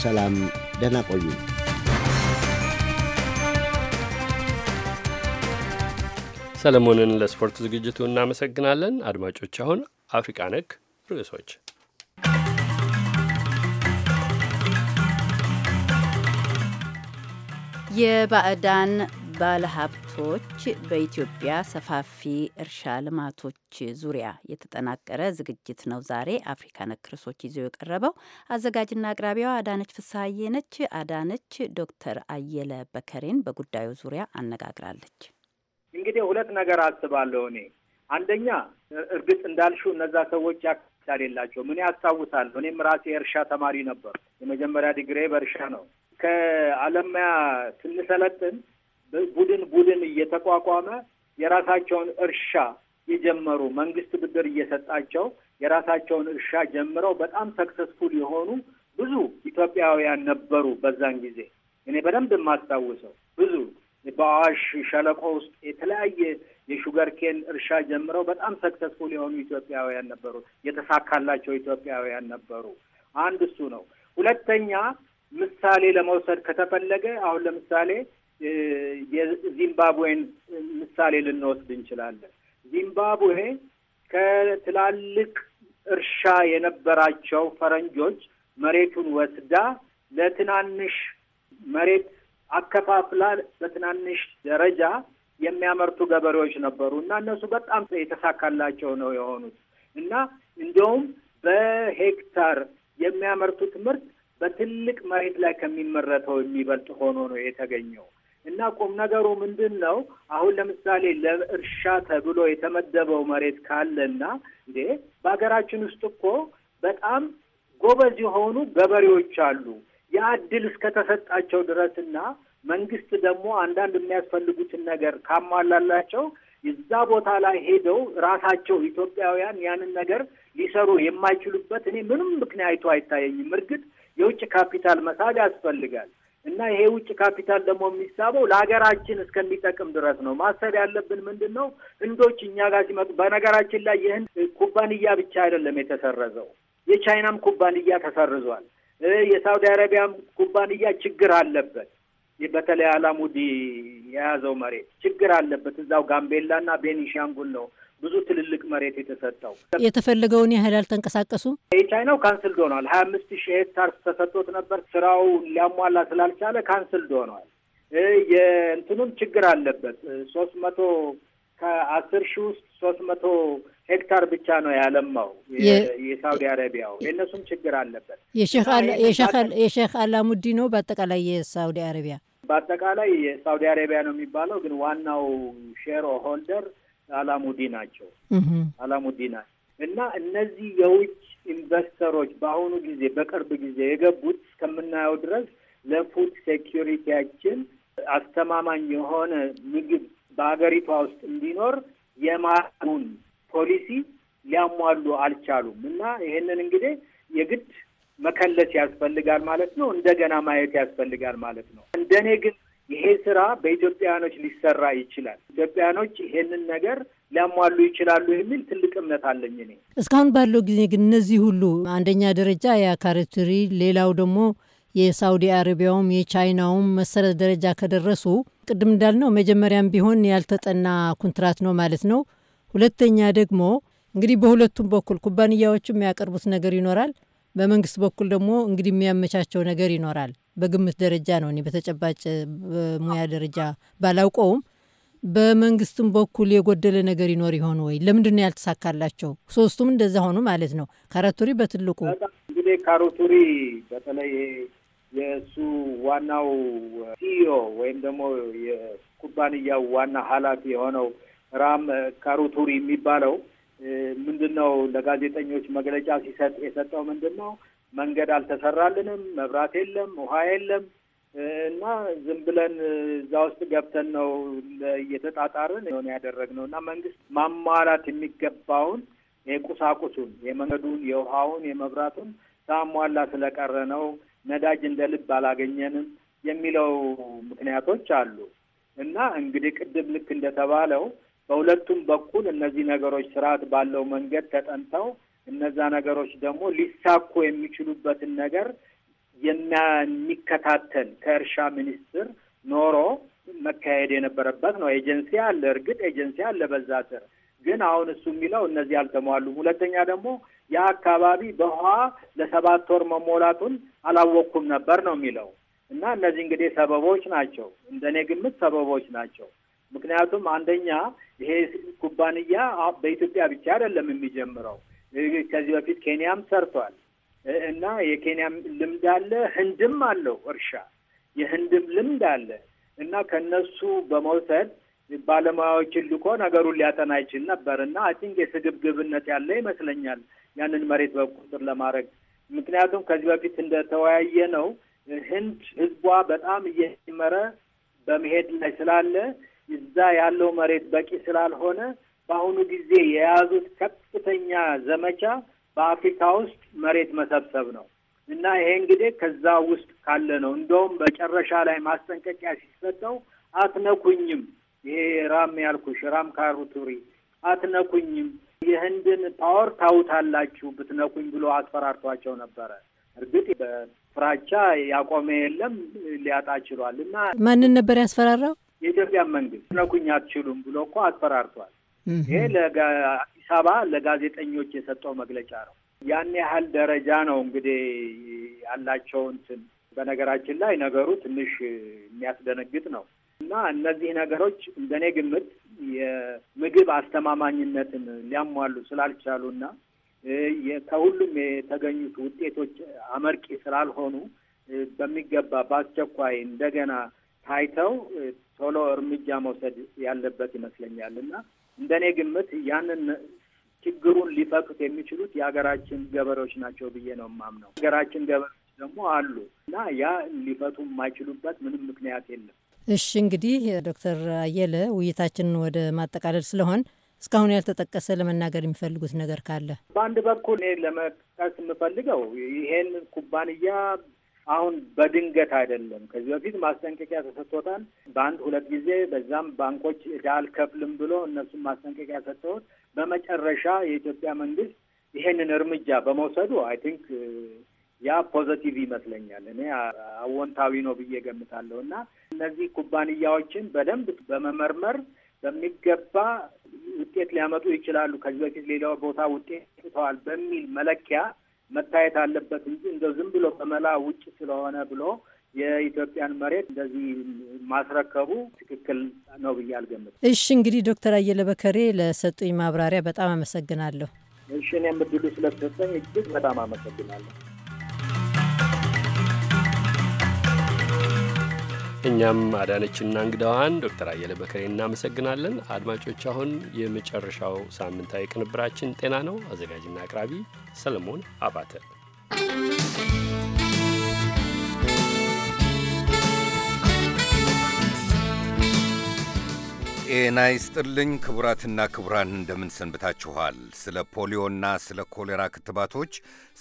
ሰላም፣ ደህና ቆዩ። ሰለሞንን ለስፖርት ዝግጅቱ እናመሰግናለን። አድማጮች፣ አሁን አፍሪቃ ነክ ርዕሶች የባዕዳን ባለሀብቶች በኢትዮጵያ ሰፋፊ እርሻ ልማቶች ዙሪያ የተጠናቀረ ዝግጅት ነው ዛሬ አፍሪካ ነክ ርዕሶች ይዞ የቀረበው። አዘጋጅና አቅራቢዋ አዳነች ፍስሀዬ ነች። አዳነች ዶክተር አየለ በከሬን በጉዳዩ ዙሪያ አነጋግራለች። እንግዲህ ሁለት ነገር አስባለሁ እኔ አንደኛ እርግጥ እንዳልሹ እነዛ ሰዎች ያካል የላቸው ምን ያስታውሳል። እኔም ራሴ እርሻ ተማሪ ነበር። የመጀመሪያ ዲግሪ በእርሻ ነው። ከአለማያ ስንሰለጥን ቡድን ቡድን እየተቋቋመ የራሳቸውን እርሻ የጀመሩ መንግስት ብድር እየሰጣቸው የራሳቸውን እርሻ ጀምረው በጣም ሰክሰስፉል የሆኑ ብዙ ኢትዮጵያውያን ነበሩ። በዛን ጊዜ እኔ በደንብ የማስታውሰው ብዙ በአዋሽ ሸለቆ ውስጥ የተለያየ የሹገር ኬን እርሻ ጀምረው በጣም ሰክሰስፉል የሆኑ ኢትዮጵያውያን ነበሩ። የተሳካላቸው ኢትዮጵያውያን ነበሩ። አንድ እሱ ነው። ሁለተኛ ምሳሌ ለመውሰድ ከተፈለገ አሁን ለምሳሌ የዚምባብዌን ምሳሌ ልንወስድ እንችላለን። ዚምባብዌ ከትላልቅ እርሻ የነበራቸው ፈረንጆች መሬቱን ወስዳ ለትናንሽ መሬት አከፋፍላ በትናንሽ ደረጃ የሚያመርቱ ገበሬዎች ነበሩ እና እነሱ በጣም የተሳካላቸው ነው የሆኑት እና እንዲያውም በሄክታር የሚያመርቱት ምርት በትልቅ መሬት ላይ ከሚመረተው የሚበልጥ ሆኖ ነው የተገኘው። እና ቁም ነገሩ ምንድን ነው? አሁን ለምሳሌ ለእርሻ ተብሎ የተመደበው መሬት ካለና እንዴ በሀገራችን ውስጥ እኮ በጣም ጎበዝ የሆኑ ገበሬዎች አሉ። ያ እድል እስከተሰጣቸው ድረስና መንግስት ደግሞ አንዳንድ የሚያስፈልጉትን ነገር ካሟላላቸው እዛ ቦታ ላይ ሄደው ራሳቸው ኢትዮጵያውያን ያንን ነገር ሊሰሩ የማይችሉበት እኔ ምንም ምክንያቱ አይታየኝም። እርግጥ የውጭ ካፒታል መሳብ ያስፈልጋል። እና ይሄ ውጭ ካፒታል ደግሞ የሚሳበው ለሀገራችን እስከሚጠቅም ድረስ ነው። ማሰብ ያለብን ምንድን ነው? ህንዶች እኛ ጋር ሲመጡ፣ በነገራችን ላይ የህንድ ኩባንያ ብቻ አይደለም የተሰረዘው፣ የቻይናም ኩባንያ ተሰርዟል። የሳውዲ አረቢያም ኩባንያ ችግር አለበት። በተለይ አላሙዲ የያዘው መሬት ችግር አለበት። እዛው ጋምቤላ እና ቤኒሻንጉል ነው ብዙ ትልልቅ መሬት የተሰጠው የተፈለገውን ያህል አልተንቀሳቀሱም። የቻይናው ካንስል ሆኗል። ሀያ አምስት ሺህ ሄክታር ተሰጥቶት ነበር። ስራው ሊያሟላ ስላልቻለ ካንስል ሆኗል። የእንትኑም ችግር አለበት። ሶስት መቶ ከአስር ሺህ ውስጥ ሶስት መቶ ሄክታር ብቻ ነው ያለማው የሳውዲ አረቢያው። የእነሱም ችግር አለበት። የሼክ አላሙዲ ነው በአጠቃላይ የሳውዲ አረቢያ በአጠቃላይ የሳውዲ አረቢያ ነው የሚባለው፣ ግን ዋናው ሼር ሆልደር አላሙዲ ናቸው አላሙዲ ናቸው እና እነዚህ የውጭ ኢንቨስተሮች በአሁኑ ጊዜ በቅርብ ጊዜ የገቡት እስከምናየው ድረስ ለፉድ ሴኪሪቲያችን አስተማማኝ የሆነ ምግብ በሀገሪቷ ውስጥ እንዲኖር የማሩን ፖሊሲ ሊያሟሉ አልቻሉም እና ይሄንን እንግዲህ የግድ መከለስ ያስፈልጋል ማለት ነው። እንደገና ማየት ያስፈልጋል ማለት ነው። እንደኔ ግን ይሄ ስራ በኢትዮጵያውያኖች ሊሰራ ይችላል፣ ኢትዮጵያውያኖች ይሄንን ነገር ሊያሟሉ ይችላሉ የሚል ትልቅ እምነት አለኝ እኔ። እስካሁን ባለው ጊዜ ግን እነዚህ ሁሉ አንደኛ ደረጃ የአካሪቱሪ ሌላው ደግሞ የሳውዲ አረቢያውም የቻይናውም መሰረት ደረጃ ከደረሱ ቅድም እንዳልነው መጀመሪያም ቢሆን ያልተጠና ኩንትራት ነው ማለት ነው። ሁለተኛ ደግሞ እንግዲህ በሁለቱም በኩል ኩባንያዎቹ የሚያቀርቡት ነገር ይኖራል፣ በመንግስት በኩል ደግሞ እንግዲህ የሚያመቻቸው ነገር ይኖራል። በግምት ደረጃ ነው። እኔ በተጨባጭ ሙያ ደረጃ ባላውቀውም በመንግስትም በኩል የጎደለ ነገር ይኖር ይሆን ወይ? ለምንድን ነው ያልተሳካላቸው? ሶስቱም እንደዛ ሆኑ ማለት ነው። ካራቱሪ በትልቁ እንግዲህ ካራቱሪ በተለይ የእሱ ዋናው ሲኢኦ ወይም ደግሞ የኩባንያው ዋና ኃላፊ የሆነው ራም ካራቱሪ የሚባለው ምንድን ነው ለጋዜጠኞች መግለጫ ሲሰጥ የሰጠው ምንድን ነው መንገድ አልተሰራልንም፣ መብራት የለም፣ ውሃ የለም እና ዝም ብለን እዛ ውስጥ ገብተን ነው እየተጣጣርን የሆነ ያደረግነው እና መንግስት ማሟላት የሚገባውን የቁሳቁሱን የመንገዱን፣ የውሃውን፣ የመብራቱን ሳሟላ ስለቀረ ነው ነዳጅ እንደ ልብ አላገኘንም የሚለው ምክንያቶች አሉ እና እንግዲህ ቅድም ልክ እንደተባለው በሁለቱም በኩል እነዚህ ነገሮች ስርዓት ባለው መንገድ ተጠንተው እነዛ ነገሮች ደግሞ ሊሳኩ የሚችሉበትን ነገር የሚከታተል ከእርሻ ሚኒስቴር ኖሮ መካሄድ የነበረበት ነው። ኤጀንሲ አለ፣ እርግጥ ኤጀንሲ አለ በዛ ስር ግን አሁን እሱ የሚለው እነዚህ አልተሟሉም። ሁለተኛ ደግሞ ያ አካባቢ በውሃ ለሰባት ወር መሞላቱን አላወቅኩም ነበር ነው የሚለው እና እነዚህ እንግዲህ ሰበቦች ናቸው፣ እንደኔ ግምት ሰበቦች ናቸው። ምክንያቱም አንደኛ ይሄ ኩባንያ በኢትዮጵያ ብቻ አይደለም የሚጀምረው ከዚህ በፊት ኬንያም ሰርቷል እና የኬንያም ልምድ አለ። ህንድም አለው እርሻ የህንድም ልምድ አለ እና ከነሱ በመውሰድ ባለሙያዎችን ልኮ ነገሩን ሊያጠና ይችል ነበር እና አይ ቲንክ የስግብግብነት ያለ ይመስለኛል ያንን መሬት በቁጥር ለማድረግ ምክንያቱም ከዚህ በፊት እንደተወያየ ነው ህንድ ህዝቧ በጣም እየጨመረ በመሄድ ላይ ስላለ እዛ ያለው መሬት በቂ ስላልሆነ በአሁኑ ጊዜ የያዙት ከፍተኛ ዘመቻ በአፍሪካ ውስጥ መሬት መሰብሰብ ነው እና ይሄ እንግዲህ ከዛ ውስጥ ካለ ነው። እንደውም መጨረሻ ላይ ማስጠንቀቂያ ሲሰጠው አትነኩኝም፣ ይሄ ራም ያልኩሽ ራም ካሩቱሪ አትነኩኝም፣ የህንድን ፓወር ታውታላችሁ ብትነኩኝ ብሎ አስፈራርቷቸው ነበረ። እርግጥ በፍራቻ ያቆመ የለም ሊያጣ ችሏል። እና ማንን ነበር ያስፈራራው? የኢትዮጵያ መንግስት ነኩኝ አትችሉም ብሎ እኮ አስፈራርቷል። ይሄ ለአዲስ አበባ ለጋዜጠኞች የሰጠው መግለጫ ነው። ያን ያህል ደረጃ ነው እንግዲህ ያላቸው እንትን። በነገራችን ላይ ነገሩ ትንሽ የሚያስደነግጥ ነው እና እነዚህ ነገሮች እንደኔ ግምት የምግብ አስተማማኝነትን ሊያሟሉ ስላልቻሉ እና ከሁሉም የተገኙት ውጤቶች አመርቂ ስላልሆኑ በሚገባ በአስቸኳይ እንደገና ታይተው ቶሎ እርምጃ መውሰድ ያለበት ይመስለኛል እና እንደ እኔ ግምት ያንን ችግሩን ሊፈቱት የሚችሉት የሀገራችን ገበሬዎች ናቸው ብዬ ነው የማምነው። ሀገራችን ገበሬዎች ደግሞ አሉ እና ያ ሊፈቱ የማይችሉበት ምንም ምክንያት የለም። እሺ እንግዲህ ዶክተር አየለ ውይይታችንን ወደ ማጠቃለል ስለሆን እስካሁን ያልተጠቀሰ ለመናገር የሚፈልጉት ነገር ካለ? በአንድ በኩል እኔ ለመጥቀስ የምፈልገው ይሄን ኩባንያ አሁን በድንገት አይደለም። ከዚህ በፊት ማስጠንቀቂያ ተሰጥቶታል። በአንድ ሁለት ጊዜ በዛም ባንኮች ዕዳ አልከፍልም ብሎ እነሱም ማስጠንቀቂያ ሰጥተውት በመጨረሻ የኢትዮጵያ መንግስት ይሄንን እርምጃ በመውሰዱ አይ ቲንክ ያ ፖዘቲቭ ይመስለኛል። እኔ አዎንታዊ ነው ብዬ ገምታለሁ። እና እነዚህ ኩባንያዎችን በደንብ በመመርመር በሚገባ ውጤት ሊያመጡ ይችላሉ፣ ከዚህ በፊት ሌላ ቦታ ውጤት ተዋል በሚል መለኪያ መታየት አለበት እንጂ እንደ ዝም ብሎ ከመላ ውጭ ስለሆነ ብሎ የኢትዮጵያን መሬት እንደዚህ ማስረከቡ ትክክል ነው ብዬ አልገምትም። እሺ እንግዲህ ዶክተር አየለ በከሬ ለሰጡኝ ማብራሪያ በጣም አመሰግናለሁ። እሺ እኔም እድሉ ስለተሰጠኝ እጅግ በጣም አመሰግናለሁ። እኛም አዳነችና እንግዳዋን ዶክተር አየለ በከሬ እናመሰግናለን። አድማጮች፣ አሁን የመጨረሻው ሳምንታዊ ቅንብራችን ጤና ነው። አዘጋጅና አቅራቢ ሰለሞን አባተ ጤና ይስጥልኝ ክቡራትና ክቡራን፣ እንደምንሰንብታችኋል። ስለ ፖሊዮና ስለ ኮሌራ ክትባቶች፣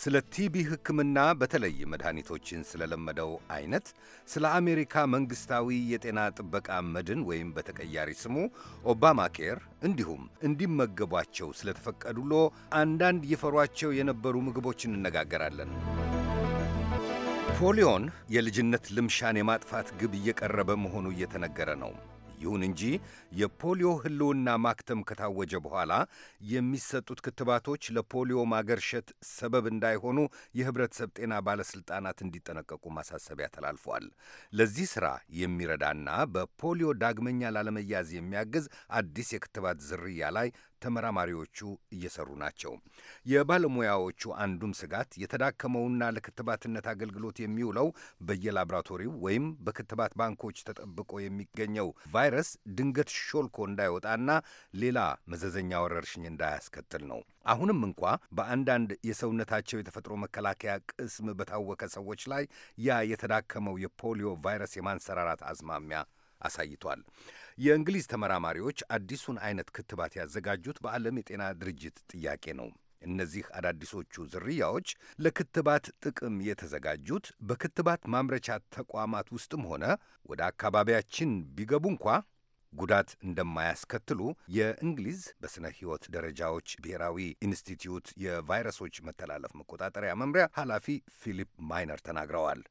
ስለ ቲቢ ሕክምና በተለይ መድኃኒቶችን ስለለመደው አይነት፣ ስለ አሜሪካ መንግሥታዊ የጤና ጥበቃ መድን ወይም በተቀያሪ ስሙ ኦባማ ኬር፣ እንዲሁም እንዲመገቧቸው ስለተፈቀዱሎ አንዳንድ ይፈሯቸው የነበሩ ምግቦች እንነጋገራለን። ፖሊዮን የልጅነት ልምሻን የማጥፋት ግብ እየቀረበ መሆኑ እየተነገረ ነው። ይሁን እንጂ የፖሊዮ ሕልውና ማክተም ከታወጀ በኋላ የሚሰጡት ክትባቶች ለፖሊዮ ማገርሸት ሰበብ እንዳይሆኑ የሕብረተሰብ ጤና ባለሥልጣናት እንዲጠነቀቁ ማሳሰቢያ ተላልፏል። ለዚህ ሥራ የሚረዳና በፖሊዮ ዳግመኛ ላለመያዝ የሚያግዝ አዲስ የክትባት ዝርያ ላይ ተመራማሪዎቹ እየሰሩ ናቸው። የባለሙያዎቹ አንዱም ስጋት የተዳከመውና ለክትባትነት አገልግሎት የሚውለው በየላብራቶሪው ወይም በክትባት ባንኮች ተጠብቆ የሚገኘው ቫይረስ ድንገት ሾልኮ እንዳይወጣና ሌላ መዘዘኛ ወረርሽኝ እንዳያስከትል ነው። አሁንም እንኳ በአንዳንድ የሰውነታቸው የተፈጥሮ መከላከያ ቅስም በታወከ ሰዎች ላይ ያ የተዳከመው የፖሊዮ ቫይረስ የማንሰራራት አዝማሚያ አሳይቷል። የእንግሊዝ ተመራማሪዎች አዲሱን አይነት ክትባት ያዘጋጁት በዓለም የጤና ድርጅት ጥያቄ ነው። እነዚህ አዳዲሶቹ ዝርያዎች ለክትባት ጥቅም የተዘጋጁት በክትባት ማምረቻ ተቋማት ውስጥም ሆነ ወደ አካባቢያችን ቢገቡ እንኳ ጉዳት እንደማያስከትሉ የእንግሊዝ በስነ ሕይወት ደረጃዎች ብሔራዊ ኢንስቲትዩት የቫይረሶች መተላለፍ መቆጣጠሪያ መምሪያ ኃላፊ ፊሊፕ ማይነር ተናግረዋል።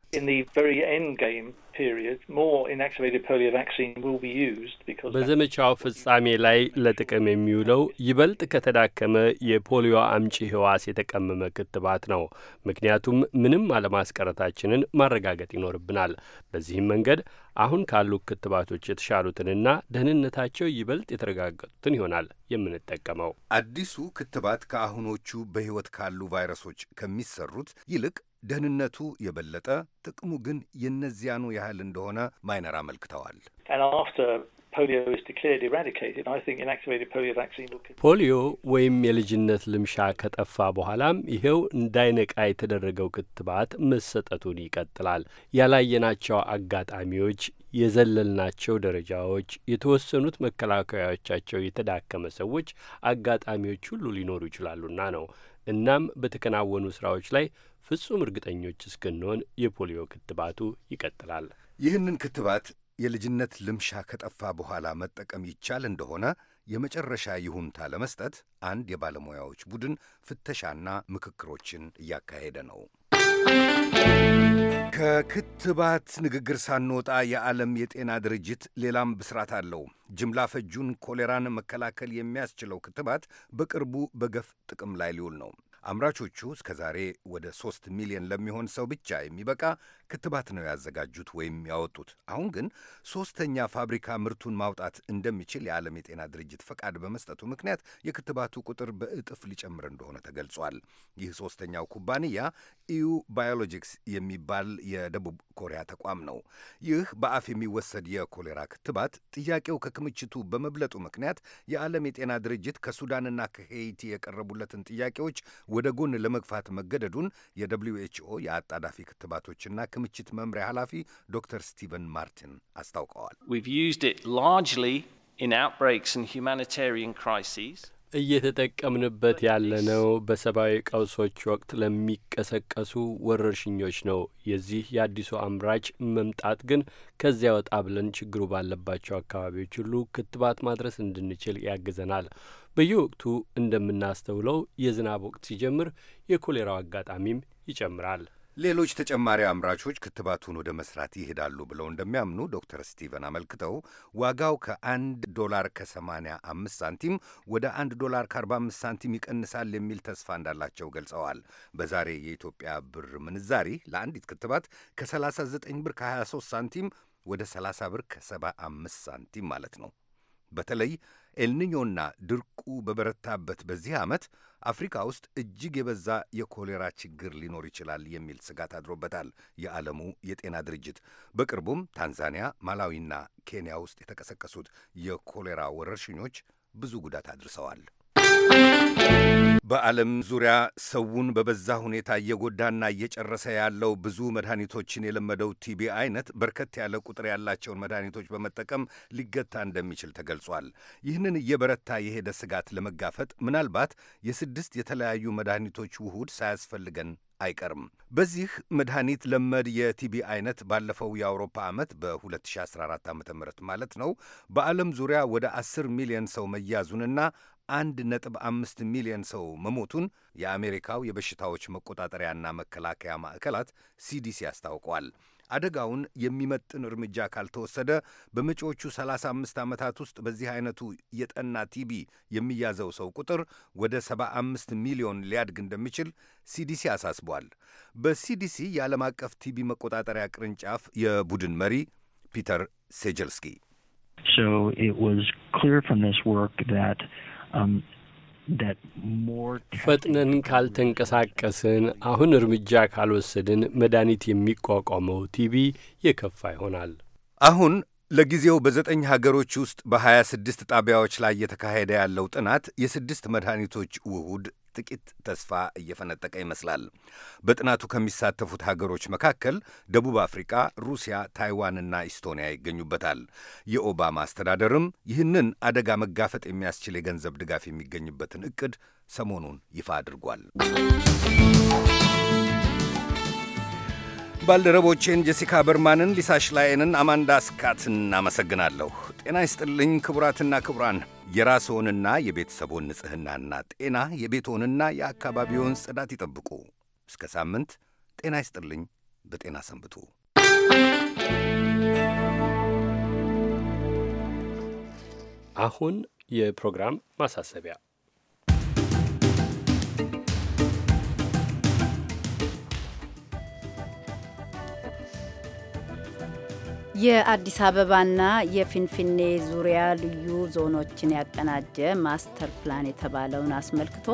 በዘመቻው ፍጻሜ ላይ ለጥቅም የሚውለው ይበልጥ ከተዳከመ የፖሊዮ አምጪ ህዋስ የተቀመመ ክትባት ነው። ምክንያቱም ምንም አለማስቀረታችንን ማረጋገጥ ይኖርብናል። በዚህም መንገድ አሁን ካሉ ክትባቶች የተሻሉትንና ደህንነታቸው ይበልጥ የተረጋገጡትን ይሆናል የምንጠቀመው። አዲሱ ክትባት ከአሁኖቹ በሕይወት ካሉ ቫይረሶች ከሚሰሩት ይልቅ ደህንነቱ የበለጠ ጥቅሙ ግን የእነዚያኑ ያህል እንደሆነ ማይነር አመልክተዋል። ፖሊዮ ወይም የልጅነት ልምሻ ከጠፋ በኋላም ይኸው እንዳይነቃ የተደረገው ክትባት መሰጠቱን ይቀጥላል። ያላየናቸው አጋጣሚዎች፣ የዘለልናቸው ደረጃዎች፣ የተወሰኑት መከላከያዎቻቸው የተዳከመ ሰዎች አጋጣሚዎች ሁሉ ሊኖሩ ይችላሉና ነው። እናም በተከናወኑ ስራዎች ላይ ፍጹም እርግጠኞች እስክንሆን የፖሊዮ ክትባቱ ይቀጥላል። ይህንን ክትባት የልጅነት ልምሻ ከጠፋ በኋላ መጠቀም ይቻል እንደሆነ የመጨረሻ ይሁንታ ለመስጠት አንድ የባለሙያዎች ቡድን ፍተሻና ምክክሮችን እያካሄደ ነው። ከክትባት ንግግር ሳንወጣ የዓለም የጤና ድርጅት ሌላም ብስራት አለው። ጅምላ ፈጁን ኮሌራን መከላከል የሚያስችለው ክትባት በቅርቡ በገፍ ጥቅም ላይ ሊውል ነው። አምራቾቹ እስከ ዛሬ ወደ ሶስት ሚሊዮን ለሚሆን ሰው ብቻ የሚበቃ ክትባት ነው ያዘጋጁት ወይም ያወጡት። አሁን ግን ሶስተኛ ፋብሪካ ምርቱን ማውጣት እንደሚችል የዓለም የጤና ድርጅት ፈቃድ በመስጠቱ ምክንያት የክትባቱ ቁጥር በእጥፍ ሊጨምር እንደሆነ ተገልጿል። ይህ ሶስተኛው ኩባንያ ኢዩ ባዮሎጂክስ የሚባል የደቡብ ኮሪያ ተቋም ነው። ይህ በአፍ የሚወሰድ የኮሌራ ክትባት ጥያቄው ከክምችቱ በመብለጡ ምክንያት የዓለም የጤና ድርጅት ከሱዳንና ከሄይቲ የቀረቡለትን ጥያቄዎች ወደ ጎን ለመግፋት መገደዱን የደብሊዩ ኤችኦ የአጣዳፊ ክትባቶችና ክምችት መምሪያ ኃላፊ ዶክተር ስቲቨን ማርቲን አስታውቀዋል። እየተጠቀምንበት ያለነው በሰብአዊ ቀውሶች ወቅት ለሚቀሰቀሱ ወረርሽኞች ነው። የዚህ የአዲሱ አምራች መምጣት ግን ከዚያ ወጣ ብለን ችግሩ ባለባቸው አካባቢዎች ሁሉ ክትባት ማድረስ እንድንችል ያግዘናል። በየወቅቱ እንደምናስተውለው የዝናብ ወቅት ሲጀምር የኮሌራው አጋጣሚም ይጨምራል። ሌሎች ተጨማሪ አምራቾች ክትባቱን ወደ መስራት ይሄዳሉ ብለው እንደሚያምኑ ዶክተር ስቲቨን አመልክተው ዋጋው ከአንድ ዶላር ከ85 ሳንቲም ወደ አንድ ዶላር ከ45 ሳንቲም ይቀንሳል የሚል ተስፋ እንዳላቸው ገልጸዋል። በዛሬ የኢትዮጵያ ብር ምንዛሪ ለአንዲት ክትባት ከ39 ብር ከ23 ሳንቲም ወደ 30 ብር ከ75 ሳንቲም ማለት ነው። በተለይ ኤልኒኞና ድርቁ በበረታበት በዚህ ዓመት አፍሪካ ውስጥ እጅግ የበዛ የኮሌራ ችግር ሊኖር ይችላል የሚል ስጋት አድሮበታል የዓለሙ የጤና ድርጅት። በቅርቡም ታንዛኒያ፣ ማላዊና ኬንያ ውስጥ የተቀሰቀሱት የኮሌራ ወረርሽኞች ብዙ ጉዳት አድርሰዋል። በዓለም ዙሪያ ሰውን በበዛ ሁኔታ እየጎዳና እየጨረሰ ያለው ብዙ መድኃኒቶችን የለመደው ቲቢ አይነት በርከት ያለ ቁጥር ያላቸውን መድኃኒቶች በመጠቀም ሊገታ እንደሚችል ተገልጿል። ይህንን እየበረታ የሄደ ስጋት ለመጋፈጥ ምናልባት የስድስት የተለያዩ መድኃኒቶች ውሁድ ሳያስፈልገን አይቀርም። በዚህ መድኃኒት ለመድ የቲቢ አይነት ባለፈው የአውሮፓ ዓመት በ2014 ዓ ም ማለት ነው በዓለም ዙሪያ ወደ 10 ሚሊዮን ሰው መያዙንና አንድ ነጥብ አምስት ሚሊዮን ሰው መሞቱን የአሜሪካው የበሽታዎች መቆጣጠሪያና መከላከያ ማዕከላት ሲዲሲ አስታውቋል። አደጋውን የሚመጥን እርምጃ ካልተወሰደ በመጪዎቹ 35 ዓመታት ውስጥ በዚህ አይነቱ የጠና ቲቢ የሚያዘው ሰው ቁጥር ወደ 75 ሚሊዮን ሊያድግ እንደሚችል ሲዲሲ አሳስቧል። በሲዲሲ የዓለም አቀፍ ቲቢ መቆጣጠሪያ ቅርንጫፍ የቡድን መሪ ፒተር ሴጀልስኪ So it was clear from this work that Um, ፈጥነን ካልተንቀሳቀስን፣ አሁን እርምጃ ካልወሰድን መድኃኒት የሚቋቋመው ቲቢ የከፋ ይሆናል። አሁን ለጊዜው በዘጠኝ ሀገሮች ውስጥ በ26 ጣቢያዎች ላይ እየተካሄደ ያለው ጥናት የስድስት መድኃኒቶች ውሁድ ጥቂት ተስፋ እየፈነጠቀ ይመስላል። በጥናቱ ከሚሳተፉት ሀገሮች መካከል ደቡብ አፍሪካ፣ ሩሲያ፣ ታይዋንና ኢስቶኒያ ይገኙበታል። የኦባማ አስተዳደርም ይህንን አደጋ መጋፈጥ የሚያስችል የገንዘብ ድጋፍ የሚገኝበትን እቅድ ሰሞኑን ይፋ አድርጓል። ባልደረቦቼን ጄሲካ በርማንን፣ ሊሳሽ ላይንን፣ አማንዳ ስካትን አመሰግናለሁ። ጤና ይስጥልኝ ክቡራትና ክቡራን። የራስዎንና የቤተሰቦን ንጽሕናና ጤና የቤትዎንና የአካባቢውን ጽዳት ይጠብቁ። እስከ ሳምንት ጤና ይስጥልኝ። በጤና ሰንብቱ። አሁን የፕሮግራም ማሳሰቢያ የአዲስ አበባና የፊንፊኔ ዙሪያ ልዩ ዞኖችን ያቀናጀ ማስተር ፕላን የተባለውን አስመልክቶ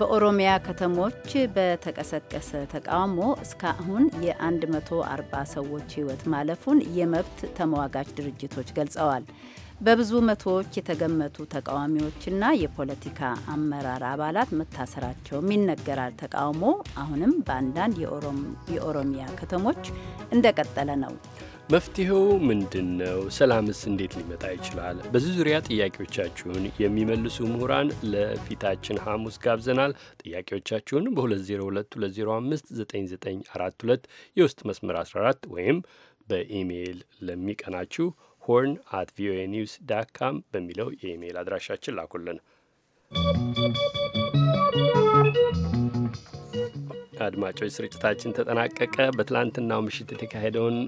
በኦሮሚያ ከተሞች በተቀሰቀሰ ተቃውሞ እስካሁን የ140 ሰዎች ሕይወት ማለፉን የመብት ተመዋጋች ድርጅቶች ገልጸዋል። በብዙ መቶዎች የተገመቱ ተቃዋሚዎችና የፖለቲካ አመራር አባላት መታሰራቸውም ይነገራል። ተቃውሞ አሁንም በአንዳንድ የኦሮሚያ ከተሞች እንደቀጠለ ነው። መፍትሄው ምንድን ነው? ሰላምስ እንዴት ሊመጣ ይችላል? በዚህ ዙሪያ ጥያቄዎቻችሁን የሚመልሱ ምሁራን ለፊታችን ሐሙስ ጋብዘናል። ጥያቄዎቻችሁን በ2022059942 የውስጥ መስመር 14 ወይም በኢሜይል ለሚቀናችሁ ሆርን አት ቪኦኤ ኒውስ ዳት ካም በሚለው የኢሜይል አድራሻችን ላኩልን። አድማጮች፣ ስርጭታችን ተጠናቀቀ። በትላንትናው ምሽት የተካሄደውን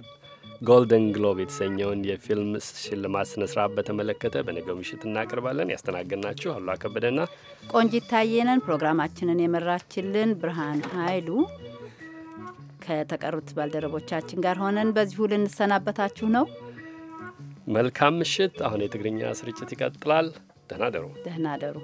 ጎልደን ግሎብ የተሰኘውን የፊልም ሽልማት ስነስርዓት በተመለከተ በነገው ምሽት እናቀርባለን። ያስተናገድናችሁ አሉላ ከበደና ቆንጂት ታየነን። ፕሮግራማችንን የመራችልን ብርሃን ኃይሉ ከተቀሩት ባልደረቦቻችን ጋር ሆነን በዚሁ ልንሰናበታችሁ ነው። መልካም ምሽት። አሁን የትግርኛ ስርጭት ይቀጥላል። ደህና ደሩ፣ ደህና ደሩ።